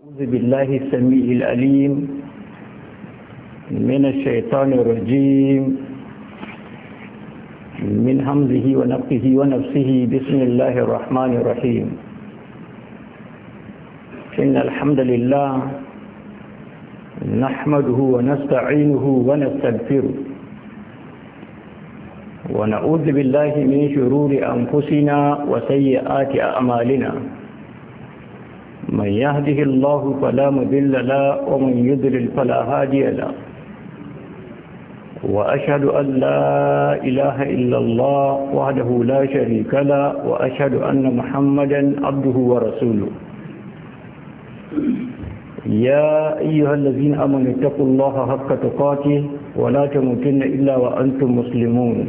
أعوذ بالله السميع الأليم من الشيطان الرجيم من همزه ونفخه ونفسه بسم الله الرحمن الرحيم إن الحمد لله نحمده ونستعينه ونستغفره ونعوذ بالله من شرور أنفسنا وسيئات أعمالنا من يهده الله فلا مذل لا ومن يذلل فلا هادي لا وأشهد أن لا إله إلا الله وحده لا شريك لا وأشهد أن محمدا عبده ورسوله يا أيها الذين أمنوا اتقوا الله حق تقاته ولا تموتن إلا وأنتم مسلمون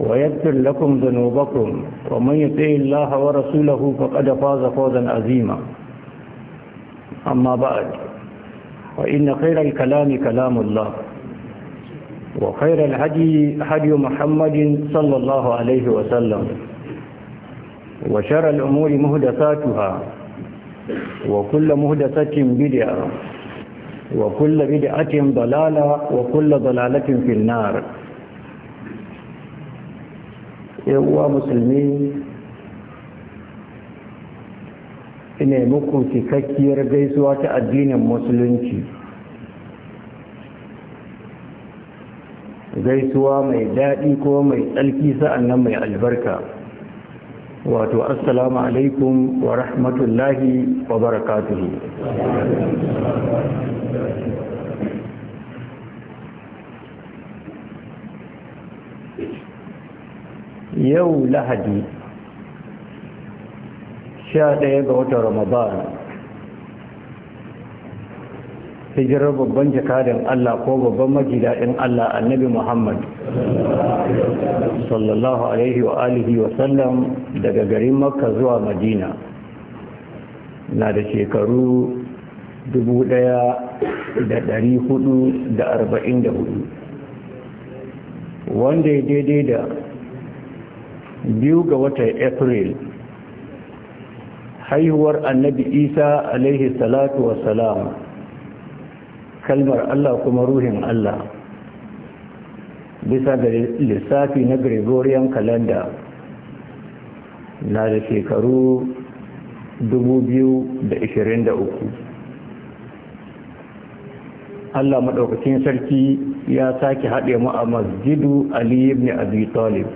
ويغفر لكم ذنوبكم ومن يطع الله ورسوله فقد فاز فوزا عظيما أما بعد فإن خير الكلام كلام الله وخير الهدي هدي محمد صلى الله عليه وسلم وشر الأمور مهدساتها وكل مهدسة بدعة وكل بدعة ضلالة وكل ضلالة في النار uwa musulmi ina muku cikakkiyar gaisuwa ta addinin musulunci gaisuwa mai daɗi ko mai tsarki nan mai albarka wato assalamu alaikum wa rahmatullahi wa barakatuhu yau lahadi sha ɗaya ga watan ramadan hijirar babban jakadin Allah ko babban majidaɗin Allah annabi Muhammad sallallahu alaihi wa alihi wa sallam daga garin makka zuwa madina na da shekaru ɗaya da hudu 1444 wanda ya daidai da biyu ga watan april haihuwar annabi isa alaihi salatu salam, kalmar allah kuma ruhin allah bisa ga lissafi na gregorian calendar na da shekaru 2023 allah maɗaukacin sarki ya sake haɗe mu a masjidu ali ibn abi talib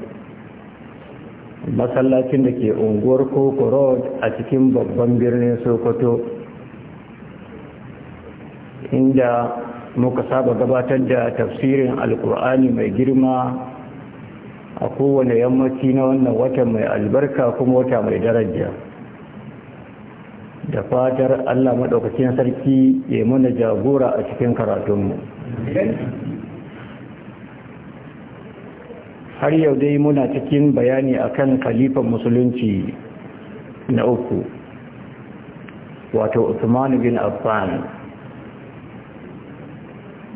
masallacin da ke unguwar koko road a cikin babban birnin sokoto inda muka saba gabatar da tafsirin alkur'ani mai girma a kowane yammaci na wannan watan mai albarka kuma wata mai daraja da fatar allah maɗaukacin sarki ya mana jagora a cikin karatunmu har yau dai muna cikin bayani akan Khalifar musulunci na uku wato Uthman bin Affan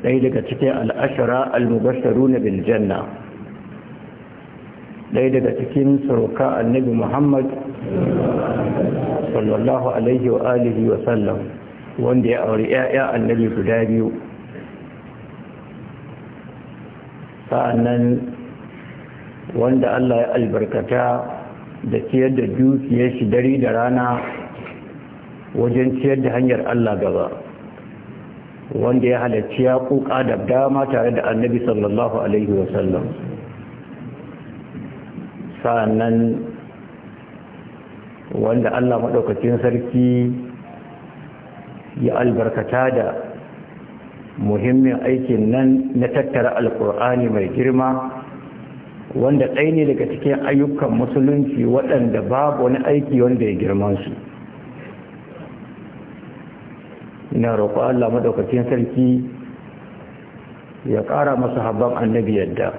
ɗaya daga cikin al'ashara al-mubasharu na biljanna ɗaya daga cikin suruka annabi muhammad sallallahu alaihi wa alihi wa sallam wanda ya auri ‘ya'ya annabi guda biyu sa'annan wanda Allah ya albarkata da ciyar da dukiyar shi dare da rana wajen ciyar da hanyar Allah gaba wanda ya halarci ya kuka da dama tare da annabi sallallahu alaihi wasallam sa'annan wanda Allah maɗaukacin sarki ya albarkata da muhimmin aikin nan na tattara alkur'ani mai girma wanda ɗaya ne daga cikin ayyukan musulunci waɗanda babu wani aiki wanda ya girma su ina roƙo Allah madaukakin sarki ya ƙara masa habban annabi yadda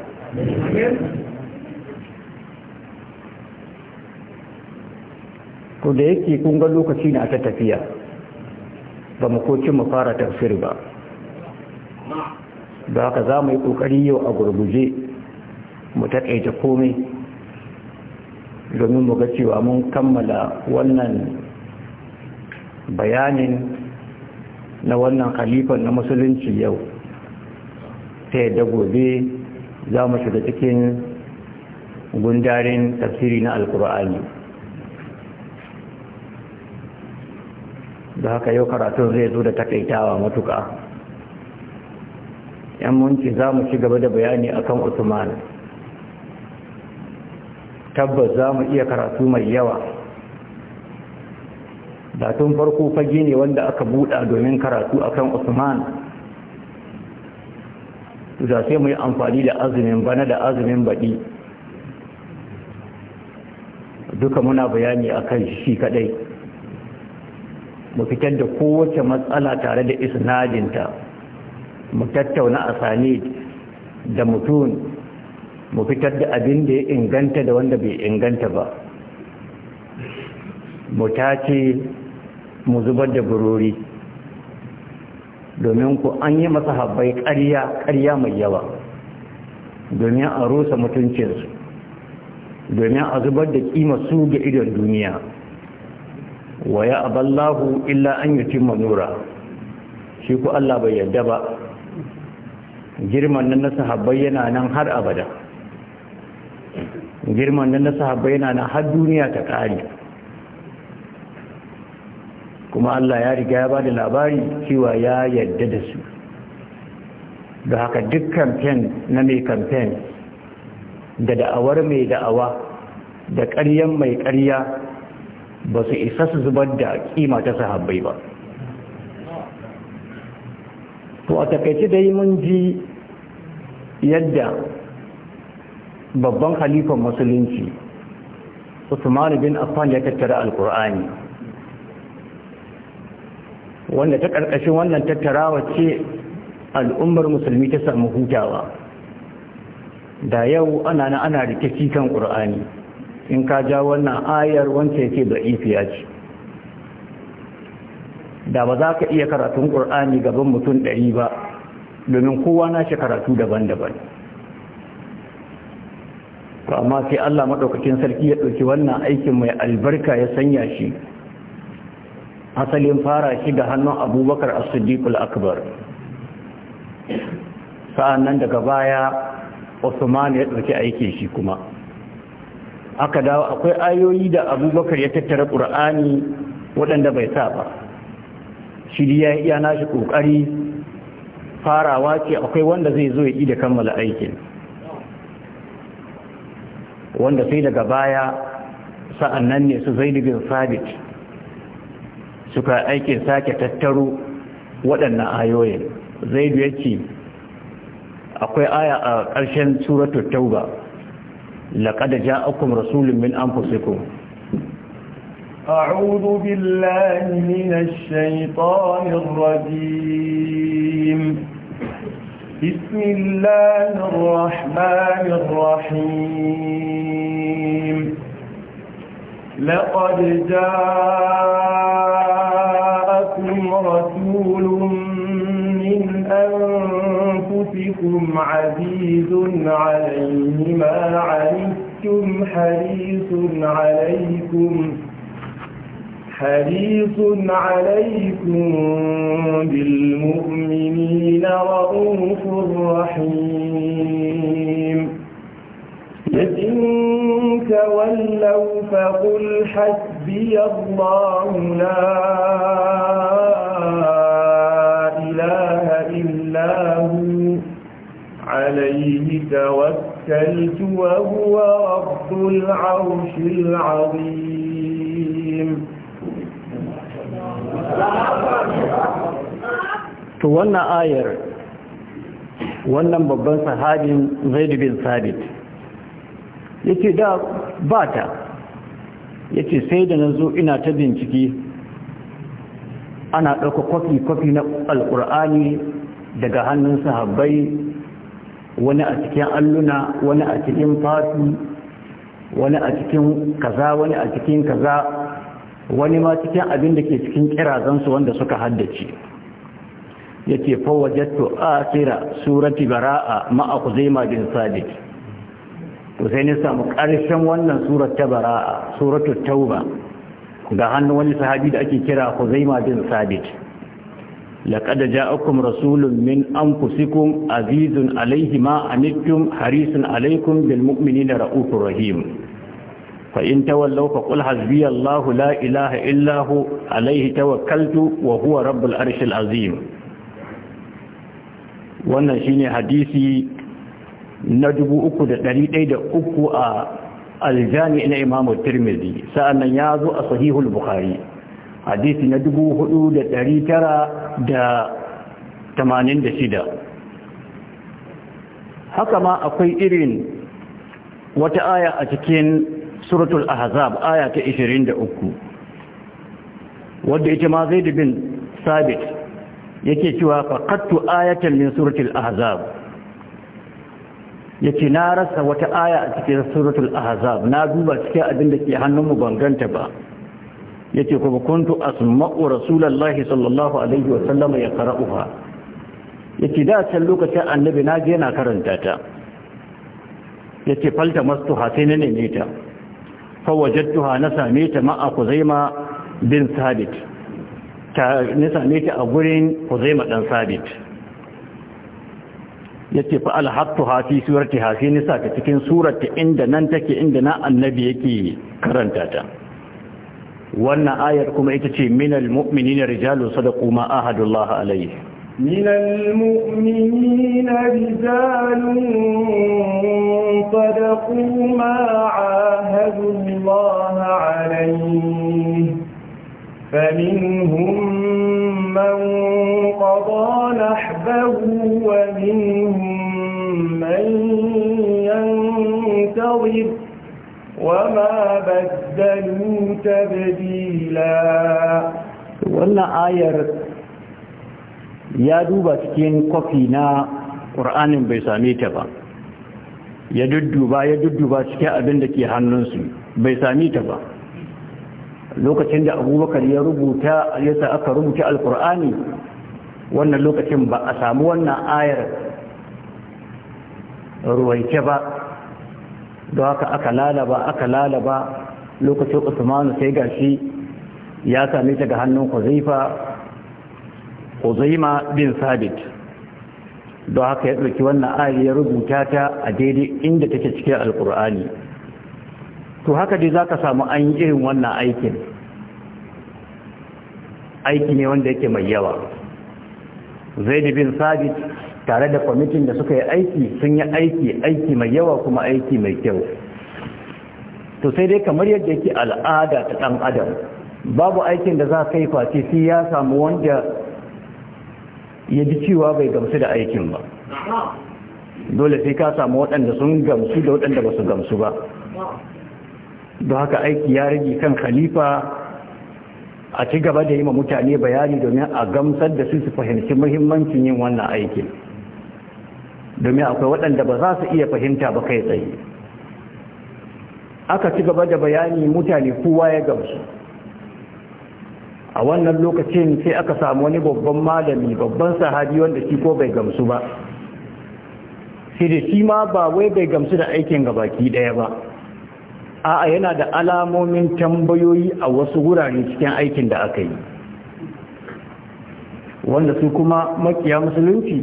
ko da yake kun ga lokaci na ta tafiya ba mu koci mu fara tafsir ba ba ka za mu yi ƙoƙari yau a gurguje mu taƙaita komai domin mu ga cewa mun kammala wannan bayanin na wannan khalifan na musulunci yau ta yadda gobe za mu shiga cikin gundarin tafsiri na alkur'ani da haka yau karatun zai zo da takaitawa matuka yan munci za mu ci gaba da bayani akan kan tabbas za mu iya karatu mai yawa da farko fage ne wanda aka buɗa domin karatu akan usman za sai mu yi amfani da azumin bana da azumin baɗi duka muna bayani akan shi kaɗai. mu fitar da kowace matsala tare da isnadinta mu tattauna a da mutum mu fitar da abin da ya inganta da wanda bai inganta ba mu tace mu zubar da burori domin ku an yi masa habbai ƙarya ƙarya mai yawa domin a rusa mutuncinsu domin a zubar da ƙima su ga idon duniya wa ya aballahu illa an yi cimma nura shi ku Allah bai yadda ba girman nan na sahabbai yana nan har abada girman nan na sahabbai yana na har duniya ta ƙare kuma Allah ya riga ya ba da labari cewa ya yadda da su da haka duk kamfen na mai kamfen da da'awar mai da'awa da ƙaryan mai ƙarya ba su isa su zubar da kima ta sahabbai ba to a takaici dai mun ji yadda babban Khalifar musulunci usman bin affan ya tattara alkur'ani wanda ta ƙarƙashin wannan tattarawa ce al'ummar musulmi ta samu hutawa da yau ana na ana rikici kan ƙur'ani in ka ja wannan ayar wanda yake da ifiya ce da ba za ka iya karatun ƙur'ani gaban mutum ɗari ba domin kowa na shi karatu daban-daban to amma sai Allah maɗaukacin sarki ya ɗauki wannan aikin mai albarka ya sanya shi asalin fara shi da hannun abubakar as akbar akbar nan daga baya Osman ya ɗauki aikin shi kuma aka dawo akwai ayoyi da abubakar ya tattara ƙur'ani waɗanda bai sa ba shi iya nashi ƙoƙari farawa ce akwai wanda zai zo ya da kammala aikin wanda sai daga baya nan ne su zai bin sabit suka aikin sake tattaro waɗannan ayoyin zai biya ce akwai aya a ƙarshen suratul tauba laqad ja'akum rasulun min anfusikum a'udhu billahi minash shaitanir rajim بسم الله الرحمن الرحيم لقد جاءكم رسول من أنفسكم عزيز عليه ما عرفتم حريص عليكم حريص عليكم بالمؤمنين رؤوف رحيم لئن تولوا فقل حسبي الله لا إله إلا هو عليه توكلت وهو رب العرش العظيم to wannan ayar wannan babban sahabin Zaidu bin sabit ce da bata ce sai da na zo ina ta bincike ana ɗauka kwafi-kwafi na alƙur'ani daga hannun sahabbai wani a cikin alluna wani a cikin fatu wani a cikin kaza wani a cikin kaza wani ma cikin abin da ke cikin kirazansu wanda suka haddace yake fawajattu akhira surati bara'a ma'a kuzaima bin sadiq to sai ne samu ƙarshen wannan surar ta bara'a suratu tauba ga hannun wani sahabi da ake kira kuzaima bin sadiq ja'akum rasulun min anfusikum Azizun, alayhi ma Harisun, harisun alaykum bil mu'minina ra'ufur rahim. فإن تولوا فقل حسبي الله لا إله إلا هو عليه توكلت وهو رب العرش العظيم wannan shine hadisi na 3,103 a aljami na imamu tirmidhi sa'annan ya zo a sahihul bukhari hadisi na da da 4,986 haka ma akwai irin wata aya a cikin suratul ahzab aya ta 23 wanda ita ma zaid bin sabit yake cewa faqattu ayatan min suratul ahzab yake na rasa wata aya a cikin suratul ahzab na duba cikin abin da ke hannunmu ban ganta ba yace kuma kuntu asma'u rasulullahi sallallahu alaihi wa sallam ya qara'uha yace da can lokacin annabi na je yana karanta ta yace falta mastuha sai na neme ta fawajattuha na same ta ma'a kuzaima bin sabit ta na same ta a gurin kuzaima dan sabit yace fa alhattuha fi suratiha fi nisa ta cikin surata inda nan take inda na annabi yake karanta ta wannan ayar kuma ita ce minal mu'minina rijalun sadaqu ma ahadullah alayhi من المؤمنين رجال صدقوا ما عاهدوا الله عليه فمنهم من قضى نحبه ومنهم من ينتظر وما بدلوا تبديلا ولا ayar آية ya duba cikin kofi na ƙur'anin bai same ta ba ya dudduba ya dudduba cikin abin da ke hannunsu bai same ta ba lokacin da abubakar ya rubuta yasa aka rubuta alƙur'ani wannan lokacin ba a samu wannan ayar ruwaice ba don haka aka lalaba aka lalaba lokacin usmanu sai gashi ya same ta ga hannun kwazifa Uzaima bin Sabit don haka ya ɗauki wannan ayi ya rubuta ta a daidai inda take cikin alkur'ani to haka dai za ka samu an yi irin wannan aikin aiki ne wanda yake mai yawa zaid bin sabit tare da kwamitin da suka yi aiki sun yi aiki aiki mai yawa kuma aiki mai kyau to sai dai kamar yadda yake al'ada ta ɗan adam babu aikin da za ka yi face ya samu wanda ya ji cewa bai gamsu da aikin ba dole sai ka samu waɗanda sun gamsu da waɗanda ba su gamsu ba don haka aiki ya rage kan khalifa a ci gaba da yi ma mutane bayani domin a gamsar da su su fahimci muhimmancin yin wannan aikin domin akwai waɗanda ba za su iya fahimta ba kai tsaye aka ci gaba da bayani mutane kowa ya gamsu a wannan lokacin sai aka samu wani babban malami babban sahabi wanda shi ko bai gamsu ba sai da shi ma ba wai bai gamsu da aikin gabaki daya ba 'a yana da alamomin tambayoyi a wasu wurare cikin aikin da aka yi wanda su kuma makiya musulunci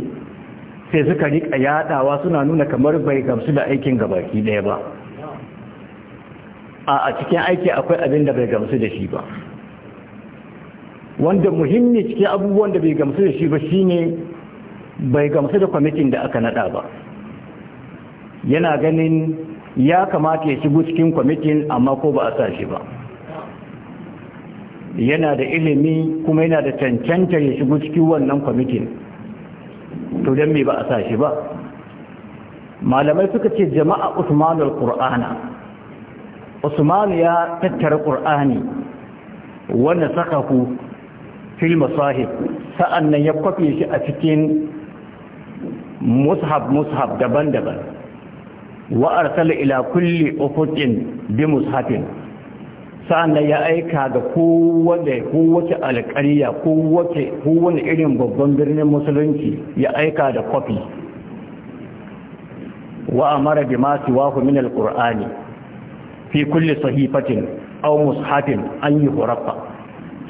sai suka rika yadawa suna nuna kamar bai gamsu da aikin gabaki daya ba a cikin aiki akwai abin da bai gamsu da shi ba wanda muhimmi cikin abubuwan da bai gamsu da shi ba shi ne bai gamsu da kwamitin da aka nada ba yana ganin ya kamata ya shigo cikin kwamitin amma ko ba a sa shi ba yana da ilimi kuma yana da cancanta ya shigo cikin wannan kwamitin to don me ba a sa shi ba malamai suka ce jama'a usmanul qur'ana usman ya tattara qur'ani wanda sakahu fil masahib sa'annan ya kwafe shi a cikin mushaf mushaf daban-daban wa arsala ila kulli ufuqin bi mushafin sa'annan ya aika ga kowace kowace alƙarya kowace kowane irin babban birnin musulunci ya aika da kwafi wa amara bi ma siwahu min alqur'ani fi kulli sahifatin aw mushafin an horafa.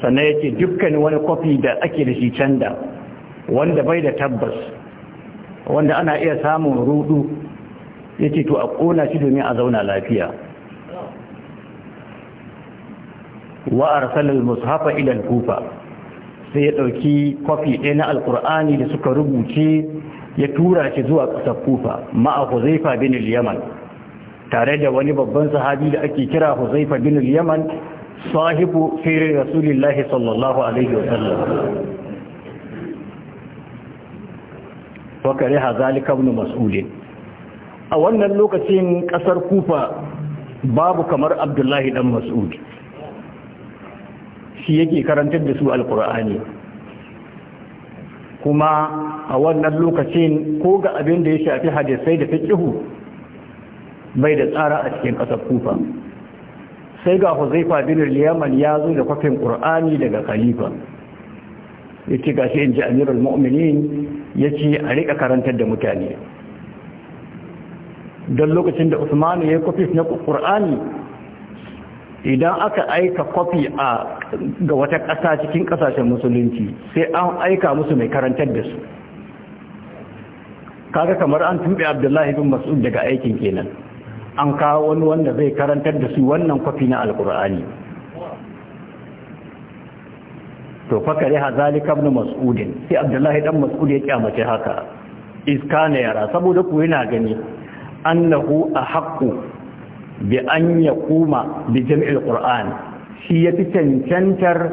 sannan ya ce dukkan wani kwafi da ake da shi canda wanda bai da tabbas wanda ana iya samun rudu ya ce to a kona shi domin a zauna lafiya wa arsalal mushafa ila kufa sai ya dauki kwafi ɗaya na alkur'ani da suka rubuce ya tura shi zuwa ƙasar kufa ma'a huzaifa bin yaman tare da wani babban sahabi da ake kira huzaifa bin yaman sahibu الله صلى الله alaihi وسلم وكره ذلك ابن مسعود a wannan lokacin kasar kufa babu kamar abdullahi dan mas'ud shi yake karantar da su alkur'ani kuma a wannan lokacin ko ga abin da ya shafi hadisai da fiqhu bai da tsara a cikin kasar kufa sai ga huzaifa bin al-yaman ya zo da kwafin qur'ani daga khalifa yace ga shi inji amirul mu'minin yace a rika karantar da mutane don lokacin da usman ya kwafi na qur'ani idan aka aika kwafi a ga wata ƙasa cikin ƙasashen musulunci sai an aika musu mai karantar da su kaga kamar an tuɓe abdullahi bin mas'ud daga aikin kenan an kawo wani wanda zai karantar da su wannan kwafi na alkur'ani to fakari ha zalika ibn mas'udin sai abdullahi dan mas'ud ya kyamace haka iska ne yara saboda ku yana gani annahu ahqqu bi an yaquma bi jam'il qur'an shi ya fi cancantar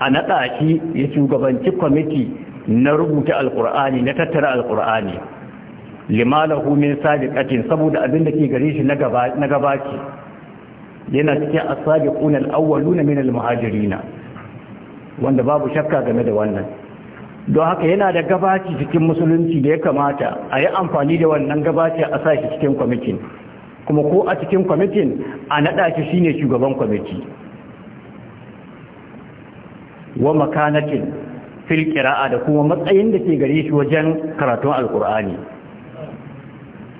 a naɗa shi ya shugabanci kwamiti na rubuta alkur'ani na tattara alkur'ani limalahu min sadiqatin saboda abin da ke gare shi na gaba na gabaci yana cikin as-sabiquna al-awwaluna min al wanda babu shakka game da wannan don haka yana da gabaci cikin musulunci da ya kamata a yi amfani da wannan gabaci a sa shi cikin kwamitin kuma ko a cikin kwamitin a naɗa shi shine shugaban kwamiti wa makanatin fil da kuma matsayin da ke gare shi wajen karatun alkur'ani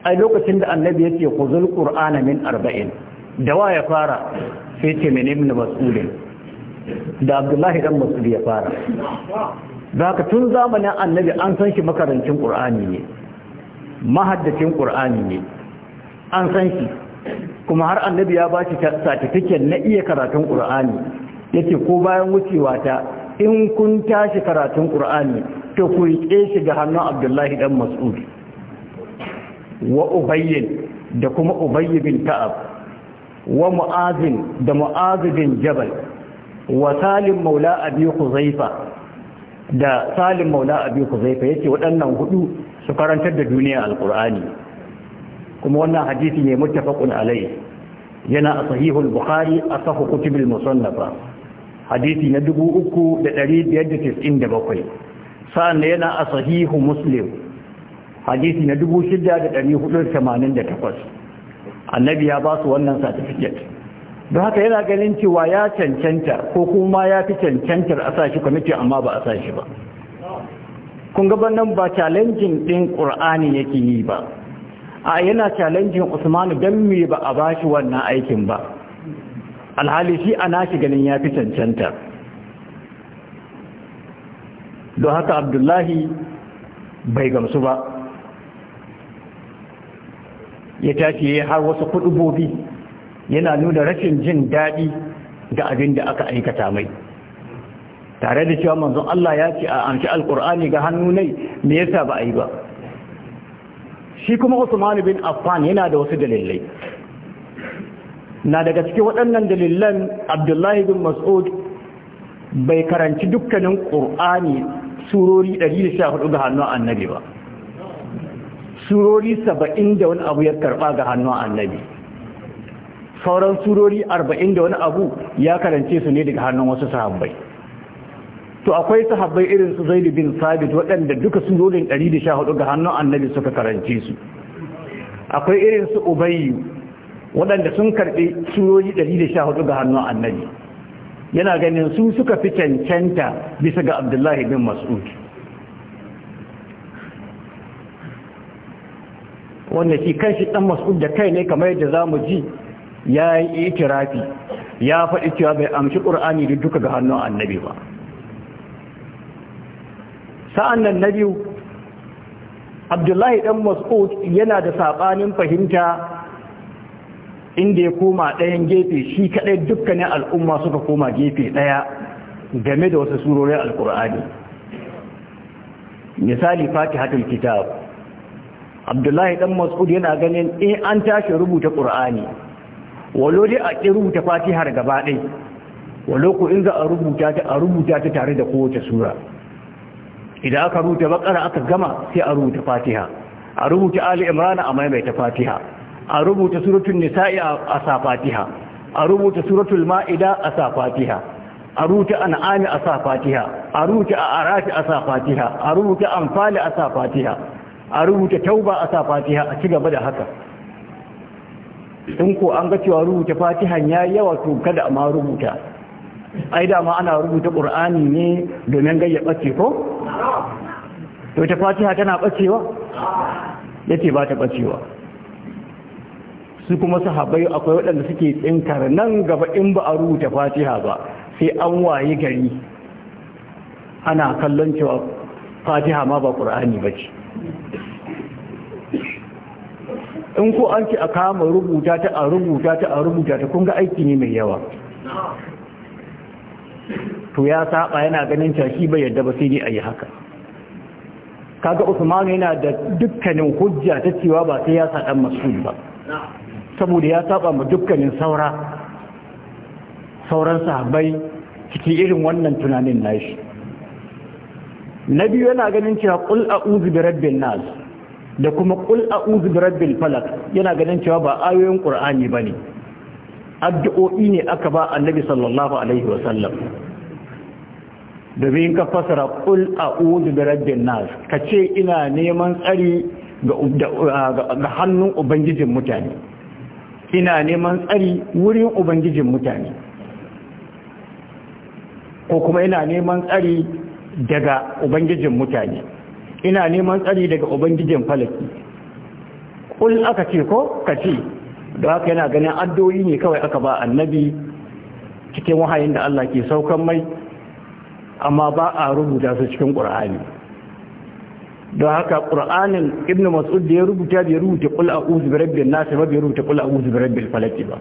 ai lokacin da annabi yake khuzul qur'ana min arba'in da wa ya fara sai ce min ibn mas'ud da abdullahi dan mas'ud ya fara zaka tun zamanin annabi an san shi makarancin qur'ani ne mahaddacin qur'ani ne an san shi kuma har annabi ya ba shi certificate na iya karatun qur'ani yace ko bayan wucewa ta in kun tashi karatun qur'ani to ku rike shi ga hannun abdullahi dan mas'ud wa ubayyin da kuma ubayy bin Ta'ab wa mu'azin da mu'az bin jabal wa salim maula abi huzaifa da salim maula abi huzaifa yace waɗannan hudu su karantar da duniya alqur'ani kuma wannan hadisi ne muttafaqun alai yana a sahihul bukhari a sahu kutubul musannafa hadisi na 3597 sa'an yana a sahihu muslim hadisi na 6488 annabi ya ba su wannan certificate don haka yana ganin cewa ya cancanta ko kuma ya fi cancantar a sashi kwamiti amma ba a sashi ba kun nan ba challenge din ƙur'ani yake yi ba a yana challenging usmanu don me ba a ba shi wannan aikin ba alhali shi ana shi ganin ya fi cancanta don haka abdullahi bai gamsu ba ya tashi ya har wasu kudubobi yana nuna rashin jin daɗi ga abin da aka aikata mai tare da cewa manzon Allah ya ce a amshi alkur'ani ga hannu ne me yasa ba a yi ba shi kuma Usman bin Affan yana da wasu dalilai na daga cikin waɗannan dalilan Abdullahi bin Mas'ud bai karanci dukkanin Qur'ani surori 114 ga hannu annabi ba surori saba'in da wani abu ya karɓa ga a annabi sauran surori arba'in da wani abu ya karance su ne daga hannun wasu sahabbai to akwai sahabbai irin su zai bin sabit waɗanda duka surorin 114 ga hannun annabi suka karance su akwai irin su ubayi waɗanda sun karɓi surori 114 ga hannun annabi yana ganin su suka fi cancanta bisa ga abdullahi bin mas'ud wanda shi kanshi dan mas'ud da kai ne kamar yadda mu ji ya yi itirafi ya faɗi cewa bai amshi ƙur'ani da duka ga hannun annabi ba sa'an nan na biyu abdullahi ɗan mas'ud yana da saɓanin fahimta inda ya koma ɗayan gefe shi kaɗai dukkanin al'umma suka koma gefe ɗaya game da wasu surorin alƙur'ani misali fatihatul kitab abdullahi dan mas'ud yana ganin in eh, an tashi rubuta qur'ani walo dai a ki rubuta fatiha gaba dai walo ko in za a rubuta ta a rubuta ta tare da kowace sura idan aka rubuta bakara aka gama sai a rubuta fatiha a rubuta ali imran a maimaita fatiha a rubuta suratul nisa'i a sa fatiha a rubuta suratul ma'ida a sa fatiha a rubuta an'ami a sa fatiha a rubuta a'rafi a sa fatiha a rubuta anfal a sa fatiha a rubuta tauba a sa fatiha a ci gaba da haka in ko an ga cewa rubuta fatihan ya yawa to kada ma rubuta ai dama ana rubuta qur'ani ne domin ya bace ko to ta fatiha tana bacewa yace ba ta bacewa su kuma sahabbai akwai waɗanda suke tsinkar nan gaba in ba a rubuta fatiha ba sai an waye gari ana kallon cewa fatiha ma ba ƙur'ani bace. in ko an ci a kama rubuta ta a rubuta ta a rubuta ta kun ga aiki ne mai yawa to ya saba yana ganin shi bai yadda ba sai dai a yi haka kaga usman yana da dukkanin hujja ta cewa ba sai ya saɗan masul ba saboda ya saba ma dukkanin saura sauran sahabbai cikin irin wannan tunanin nashi na biyu yana ganin cewa qul a'udhu bi rabbin nas da kuma Kul a'udhu birabbil falaq yana ganin cewa ba ayoyin qur'ani bane addu'o'i ne aka ba annabi sallallahu alaihi wa sallam domin ka fasara kul a'udhu birabbin nas kace ina neman tsari ga hannun ubangijin mutane ina neman tsari wurin ubangijin mutane ko kuma ina neman tsari daga ubangijin mutane ina neman tsari daga ubangijin falaki kul aka ce ko ka ce da haka yana ganin addoyi ne kawai aka ba annabi cikin wahayin da Allah ke saukan mai amma ba a rubuta su cikin ƙur'ani Da haka ƙur'anin ibn mas'ud da ya rubuta bai rubuta kul a'udhu bi rabbil nas ba bai rubuta kul a'udhu bi rabbil falaq ba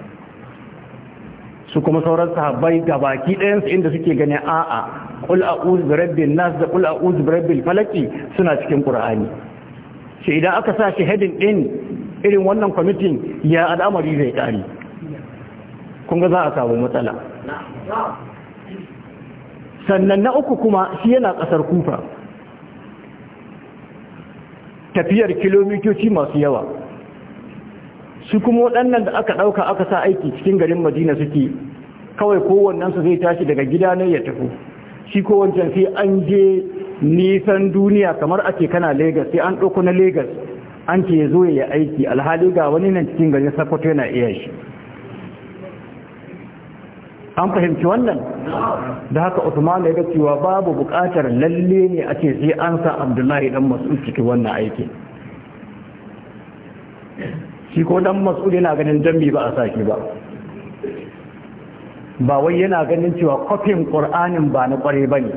su kuma sauran sahabbai ga baki ɗayan su inda suke ganin a'a qul a'udhu birabbin nas da qul a'udhu birabbil falaki suna cikin qur'ani Sai idan aka sa shi heading din irin wannan kwamitin ya al'amari zai kare kun ga za a samu matsala sannan na uku kuma shi yana kasar kufa tafiyar kilomitoci masu yawa su kuma waɗannan da aka ɗauka aka sa aiki cikin garin madina suke kawai kowannensu zai tashi daga gida na ya tafi shi ko wancan sai an je nisan duniya kamar a ce kana Legas sai an ɗauko na Legas an ce ya zo ya aiki alhali ga wani nan cikin garin Sokoto yana iya shi an fahimci wannan da haka Usman ya ga cewa babu buƙatar lalle ne a ce sai an sa Abdullahi dan Mas'ud cikin wannan aikin shi ko dan Mas'ud yana ganin dambi ba a saki ba ba wai yana ganin cewa kwafin ƙur'anin ba na ƙware ba ne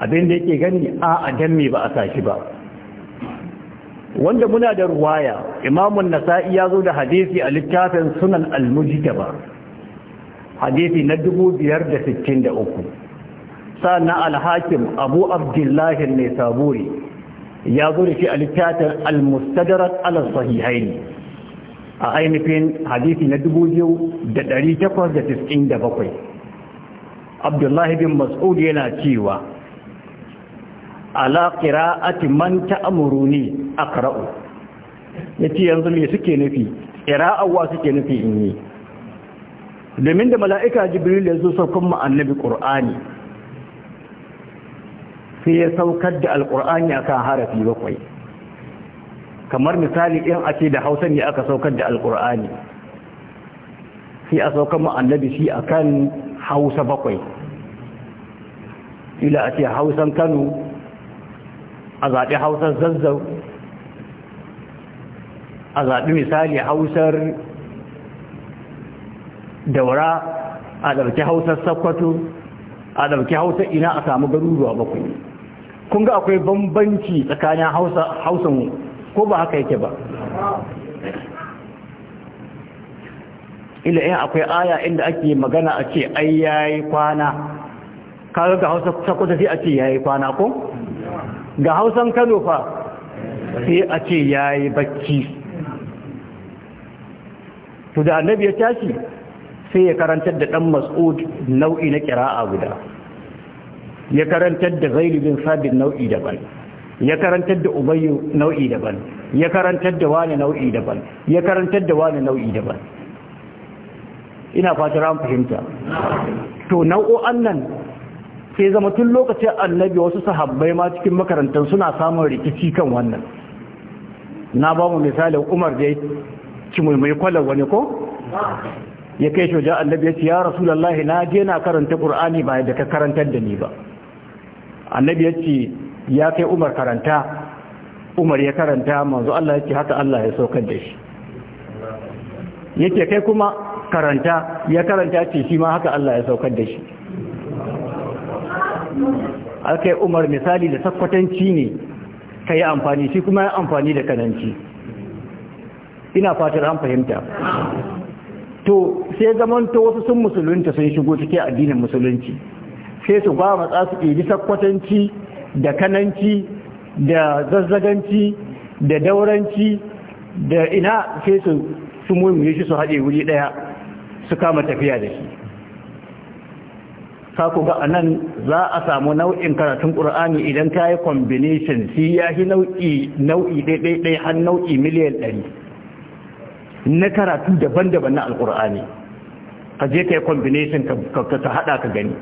Abinda yake gani a adan mai ba a sashi ba wanda muna da ruwaya imamun nasa'i ya zo da hadisi a littafin sunan almujita ba hadisi na 563 na alhakim abu abdullahi ne saburi ya zo da shi a littafin almustadrak ala sahihaini a ainihin hadisi na dubu biyu da da 2897 abdullahi bin mas'ud yana cewa ala qira'ati man ta'muruni aqra'u yace yanzu me suke nufi qira'awa suke nufi in yi domin da mala'ika jibril ya zo saukan mu annabi qur'ani sai ya saukar da alqur'ani akan harafi bakwai kamar misali in a ce da hausa ne aka saukar da alkur'ani sai a saukar mu annabi shi kan hausa bakwai ila a ce hausan kano a zaɓi hausar zazzau a zaɓi misali hausar daura a ɗauki hausar sakwato a ɗauki hausar ina a samu garuruwa bakwai kun ga akwai bambanci tsakanin hausan ko ba haka yake ba ila in akwai aya inda ake magana a ce ai yayi kwana kaga ga hausa kusa sai a ce yayi kwana ko ga hausan kano fa sai a ce yayi bacci to da annabi ya tashi sai ya karantar da dan mas'ud nau'i na kira'a guda ya karantar da zaid bin sabit nau'i daban ya karantar da ubayyu nau'i daban ya karantar da wani nau'i daban ya karantar da wani nau'i daban ina fatan an fahimta to nau'o'an nan sai zama tun lokacin annabi wasu sahabbai ma cikin makarantar suna samun rikici kan wannan na ba mu misalin umar da ya ci mai kwalar wani ko ya kai shoja annabi ya ce ya rasulullahi na je na karanta qur'ani ba da ka karantar da ni ba annabi ya ce ya kai umar karanta umar ya karanta manzo Allah yake haka Allah ya saukar da shi yake kai kuma karanta ya karanta ce shi ma haka Allah ya saukar da shi alkai umar misali da sakwatanci ne ka yi amfani shi kuma ya amfani da kananci ina fatar an fahimta to sai zamanto wasu sun musulunta sun shigo cikin addinin musulunci sai su ba matsa su ɗebi sakwatanci da kananci da zazzaganci da dauranci da ina sai su su shi su haɗe wuri ɗaya su kama tafiya da shi ku ga anan za a samu nau'in karatun Kur'ani idan ka yi combination si ya yi nau'i nau'i ɗaiɗaiɗai har nau'i miliyan ɗari na karatu daban-daban na Alkur'ani, ka je ka yi combination ka haɗa ka gani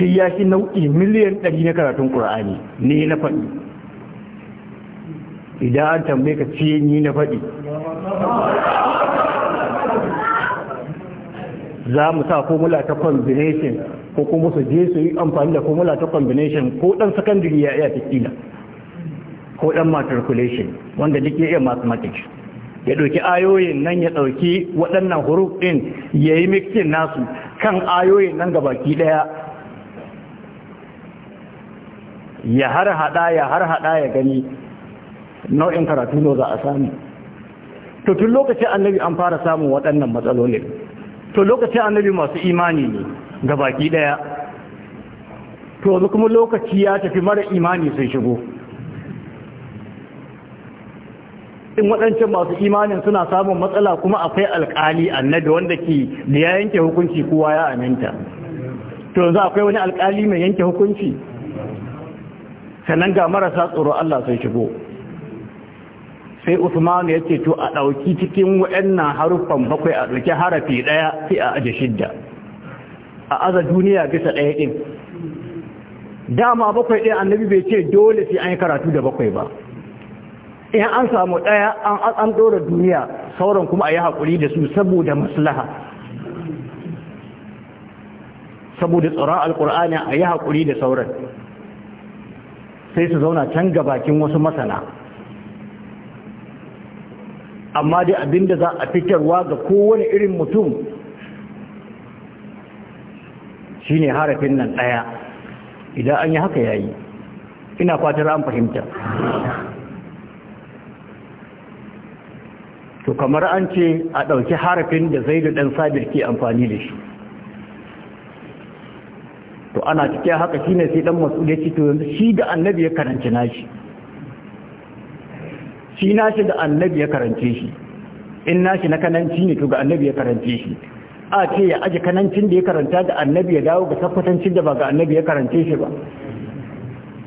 sai ya fi nau'i miliyan ɗari na karatun ƙura'ani ne na faɗi idan an tambaye ka ce ni na faɗi za mu sa formula ta combination ko kuma su je su yi amfani da formula ta combination ko ɗan secondary ya iya ta ko ɗan matriculation wanda duk ya iya mathematics ya ɗauki ayoyin nan ya ɗauki waɗannan huruf ɗin ya yi mixin nasu kan ayoyin nan ga baki ɗaya ya har hada ya har hada ya gani nau'in karatu ne za a samu to tun lokacin annabi an fara samun waɗannan matsalolin to lokacin annabi masu imani ne ga baki ɗaya to yanzu kuma lokaci ya tafi mara imani sun shigo in waɗancan masu imanin suna samun matsala kuma akwai alƙali annabi wanda ke da ya yanke hukunci kowa ya aminta to yanzu akwai wani alƙali mai yanke hukunci sannan ga marasa tsoro Allah sun shigo sai Usman ya ce to a ɗauki cikin wayannan haruffan bakwai a dauki harafi ɗaya sai a aje shidda a aza duniya bisa ɗaya ɗin dama bakwai ɗaya annabi bai ce dole sai an yi karatu da bakwai ba in an samu ɗaya an an dora duniya sauran kuma a yi haƙuri da su saboda maslaha saboda tsoron alƙur'ani a yi haƙuri da sauran sai su zauna can bakin wasu masana amma dai abinda za a fitarwa ga kowane irin mutum shine harafin nan ɗaya idan an yi haka yayi ina fatar an fahimta to kamar an ce a ɗauki harafin da zaidu ɗan sabir ke amfani da shi to ana cikin haka ne sai dan masu ya ce to yanzu shi da annabi ya karanci nashi shi nashi da annabi ya karance shi in nashi na kananci ne to ga annabi ya karance shi a ce ya aji kanancin da ya karanta da annabi ya dawo ga sakwatancin da ba ga annabi ya karance shi ba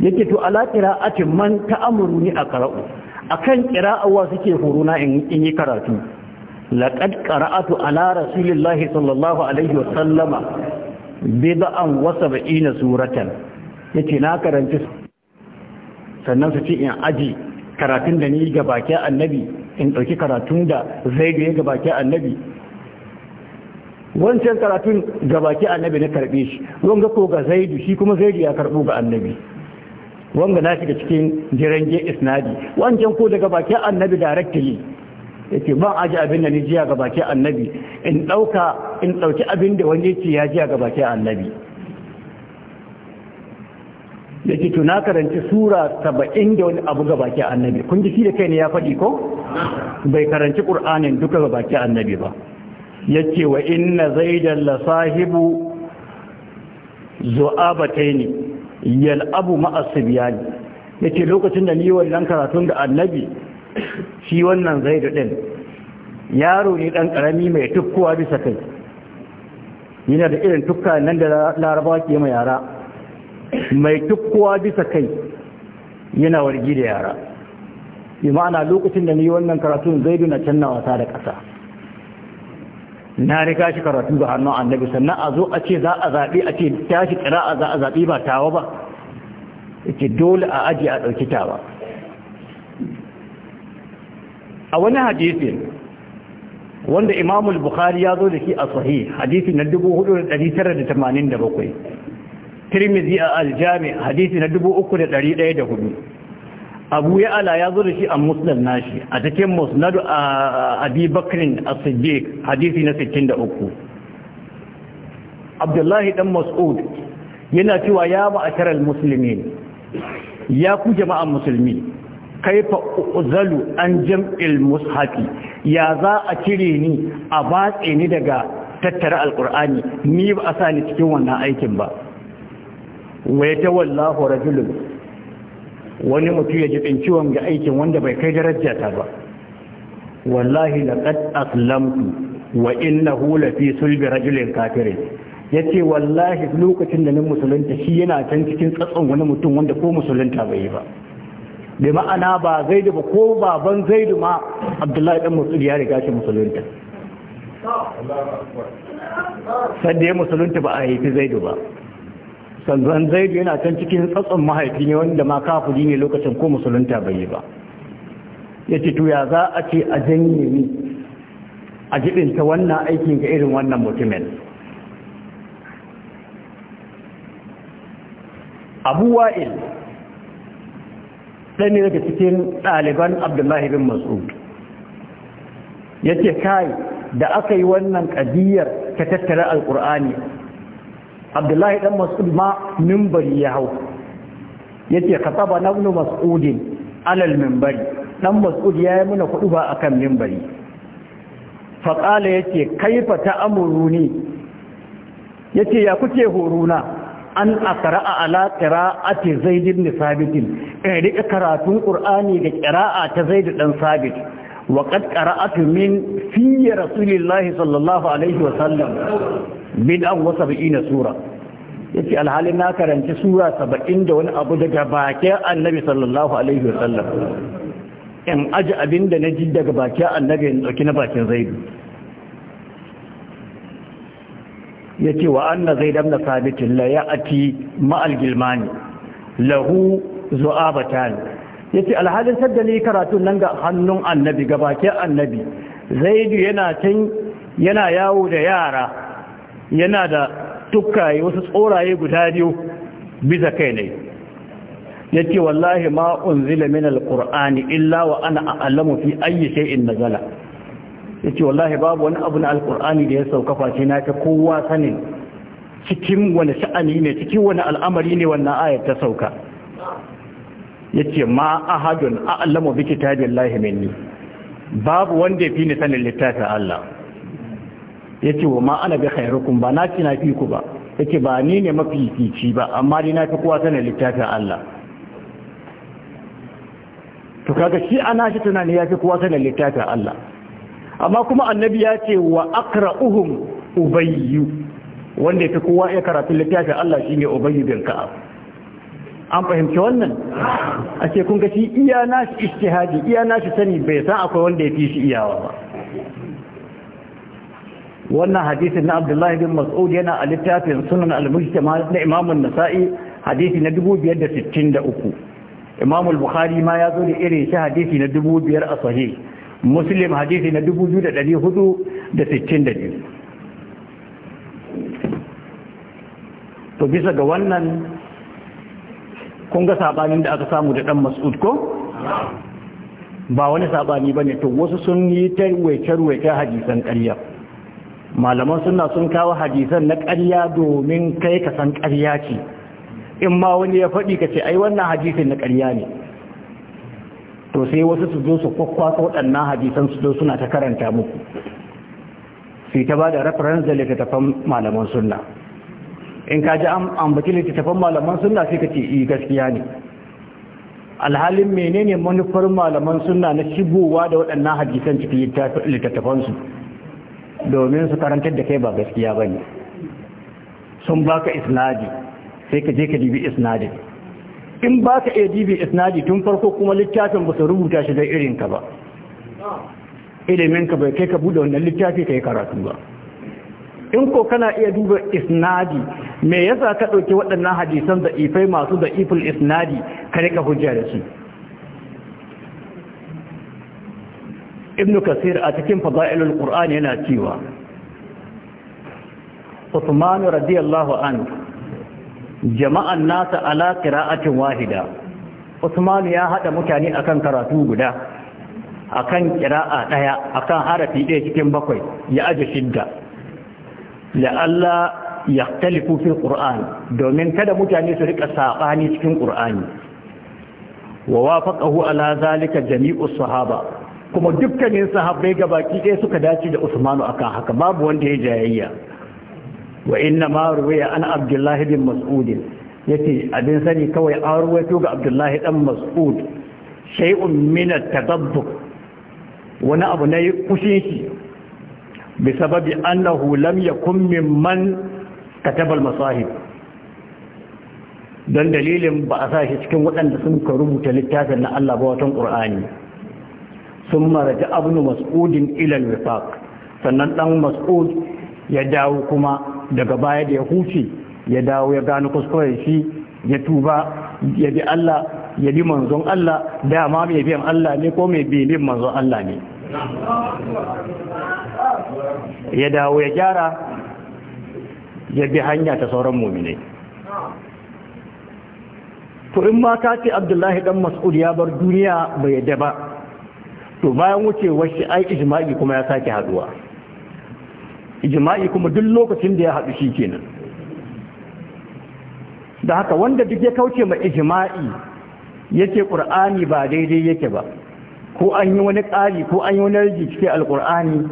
yake to ala qira'atin man ta'amuruni aqra'u akan qira'awa suke horona in yi karatu laqad qara'atu ala rasulillahi sallallahu alaihi wasallama bid'an wa sab'ina suratan yace na karanci sannan su ce in aji karatun da ni ga bakin annabi in dauki karatun da zai ga ga bakin annabi wancan karatun ga bakin annabi na karbe shi wanga ko ga zaidu shi kuma zaidu ya karbo ga annabi wanga na shiga cikin jirange isnadi wancan ko daga bakin annabi directly yace ban aji abin da ni jiya ga bakin annabi in dauka in ɗauki abin da wani ce ya ji a gabace annabi da ke tuna karanci sura saba'in da wani abu gabace annabi kun ji shi da kai ne ya faɗi ko bai karanci ƙur'anin duka gabace annabi ba ya ce wa inna zaidan la sahibu zu'abatai ne yal'abu ma'asibiyani ya ce lokacin da ni wannan karatun da annabi shi wannan zaidu ɗin yaro ne ɗan ƙarami mai tukkuwa bisa kai yana da irin tukka nan da larabawa ke ma yara mai tukkuwa bisa kai yana wargi da yara yi ma'ana lokacin da ni wannan karatun zai na canna wasa da ƙasa na riga shi karatu ga hannun annabi sannan a zo a ce za a zaɓi a ce tashi a za a zaɓi ba tawa ba ce dole a ajiye a ɗauki tawa a wani hadisi wanda Imam al-Bukhari ya zo da shi a sahih hadisi na 4987 Tirmidhi a al-Jami hadisi na 3104 Abu Ya'la ya zo da shi a Musnad nashi a cikin Musnad Abi Bakr as-Siddiq hadisi na 63 Abdullahi dan Mas'ud yana cewa ya ma'asharal muslimin ya ku jama'an musulmi kaifa uzalu an jam'il mushafi ya za a cire ni a batse ni daga tattara alkur'ani ni ba a sa ni cikin wannan aikin ba wai ta wallahu rajulun wani mutum ya ji ciwon ga aikin wanda bai kai darajata ba wallahi laqad aslamtu wa innahu fi sulbi rajulin kafirin yace wallahi lokacin da na musulunta shi yana can cikin tsatson wani mutum wanda ko musulunta bai yi ba da ma'ana ba zaidu ba ko baban zaidu ma abdullahi dan musulun ya riga shi musulunta sanda ya musulunta ba a haifi zaidu ba Sanzan zaidu yana can cikin tsatson mahaifi ne wanda ma kafuri ne lokacin ko musulunta bai yi ba ya ce tuya za a ce a janye ni a jiɗinta wannan aikin ga irin wannan mutumin abu wa'il ɗani daga cikin ɗaliban abdullahi bin mas'ud ya ce kai da aka yi wannan ƙadiyar ta tattara alƙur'ani abdullahi ɗan mas'ud ma mimbari ya hau ya ce ka saba na wani mas'udin alal mimbari ɗan mas'ud ya yi muna kuɗi ba a kan mimbari faƙala ya ce kaifa ta amuruni ya ce ya kuke horuna an akara'a ala qira'ati zaid ibn sabit in eh, riƙa karatun qur'ani da qira'a ta zaid dan sabit wa qad qara'atu min fi rasulillahi sallallahu alaihi wa sallam bid'an wa sab'ina sura Yake alhalin na karanci sura saba'in da wani abu daga bakin annabi sallallahu alaihi wa sallam in aji abinda na ji daga bakin annabi in dauki na bakin zaidu ya ce wa na zai damna sabitin la ya ati ma'al gilmani lahu zu'abatan ya ce alhalin sadda ne karatun nan ga hannun annabi gabakin annabi zaidu yana can yana yawo da yara yana da tukkaye wasu tsoraye guda biyu bisa kai ne ya ce wallahi ma'un zila min alƙur'ani illa ana a'alamu fi ayyashe in nazala Ya ce wallahi babu wani abu na alkur'ani da ya sauka face na ta kowa sanin cikin wani sha'ani ne cikin wani al'amari ne wannan ayat ta sauka Ya ce ma a biki ta bi kitabillahi ni. babu wanda ya fi ni sanin littafin Allah Ya ce wa ma ana bi hairukun ba na ci na fi ku ba Ya ce ba ni ne mafi fici ba amma ni na fi kowa sanin littafin Allah to kaga shi ana shi tunani ya fi kowa sanin littafin Allah amma kuma annabi ya ce wa aqra'uhum ubayyu wanda yake kowa ya karatu littafin Allah shi ne ubayyu bin ka'ab an fahimci wannan a ce kun ga shi iya nashi ijtihadi iya shi sani bai san akwai wanda ya fi shi iyawa ba wannan hadisin na Abdullahi bin Mas'ud yana a littafin Sunan al-Mujtama na Imam an-Nasa'i hadisi na 2563 Imam al-Bukhari ma ya zo da irin shi hadisi na 2500 a sahih muslim hadisi na 2462 to bisa ga wannan kunga ga sabanin da aka samu da dan mas'ud ko ba wani sabani bane to wasu sun yi tarwaice-tarwaice hadisan ƙarya malaman suna sun kawo hadisan na ƙarya domin kai ka san ƙarya ce in ma wani ya faɗi ka ce ai wannan hadisin na ƙarya ne to sai wasu su zo su kwakwasa waɗannan hadisan su zo suna ta karanta muku su ta ba da reference da littattafan malaman sunna in ka ji an ambaci littattafan malaman sunna sai ka ce yi eh, gaskiya ne alhalin menene manufar malaman sunna na shigowa da waɗannan hadisan cikin littattafansu domin su karantar da kai ba gaskiya ba ne sun baka isnadi sai ka je ka dibi isnadin in ba ka iya dibi isnadi tun farko kuma littafin ba su rubuta shi da irinka ba iliminka bai kai ka bude wannan littafi ka yi karatu ba in ko kana iya duba isnadi me yasa ka ɗauki waɗannan hadisan da ifai masu da iful isnadi ka rika hujja da su Ibn kasir a cikin fada'ilul qurani yana cewa Uthman radiyallahu anhu jama'an nasa ala qira'atin wahida Usman ya haɗa mutane akan karatu guda akan qira'a ɗaya, akan harafi ɗaya cikin bakwai ya aje shidda la alla yahtalifu fil qur'an domin kada mutane su rika sabani cikin qur'ani wa wafaqahu ala zalika jami'u sahaba kuma dukkanin sahabbai gabaki ɗaya suka dace da Usmanu akan haka babu wanda ya jayayya wa inna ma an abdullahi bin mas'ud yace abin sani kawai an ruwaito ga abdullahi dan mas'ud shay'un min at-tadabbur wani abu ne kushin shi bi sababi annahu lam yakun mimman katabal masahib don dalilin ba a sashi cikin waɗanda sun ka rubuta littafin na Allah ba watan ƙur'ani sun marata abinu mas'udin ilal wifaq sannan ɗan mas'ud ya dawo kuma daga baya da ya huce ya dawo ya gano kuskure shi ya tuba ya bi Allah ya bi manzon Allah dama mai biyan Allah ne ko mai bi manzon Allah ne ya dawo ya gyara ya bi hanya ta sauran mumine to in ma ka ce abdullahi dan mas'ud ya bar duniya bai yadda ba to bayan wucewar shi ai ijma'i kuma ya sake haduwa ijma'i kuma duk lokacin da ya haɗu shi kenan da haka wanda duk ya kauce ma ijma'i yake ƙur'ani ba daidai yake ba ko an yi wani ƙari ko an yi wani rigi cikin alƙur'ani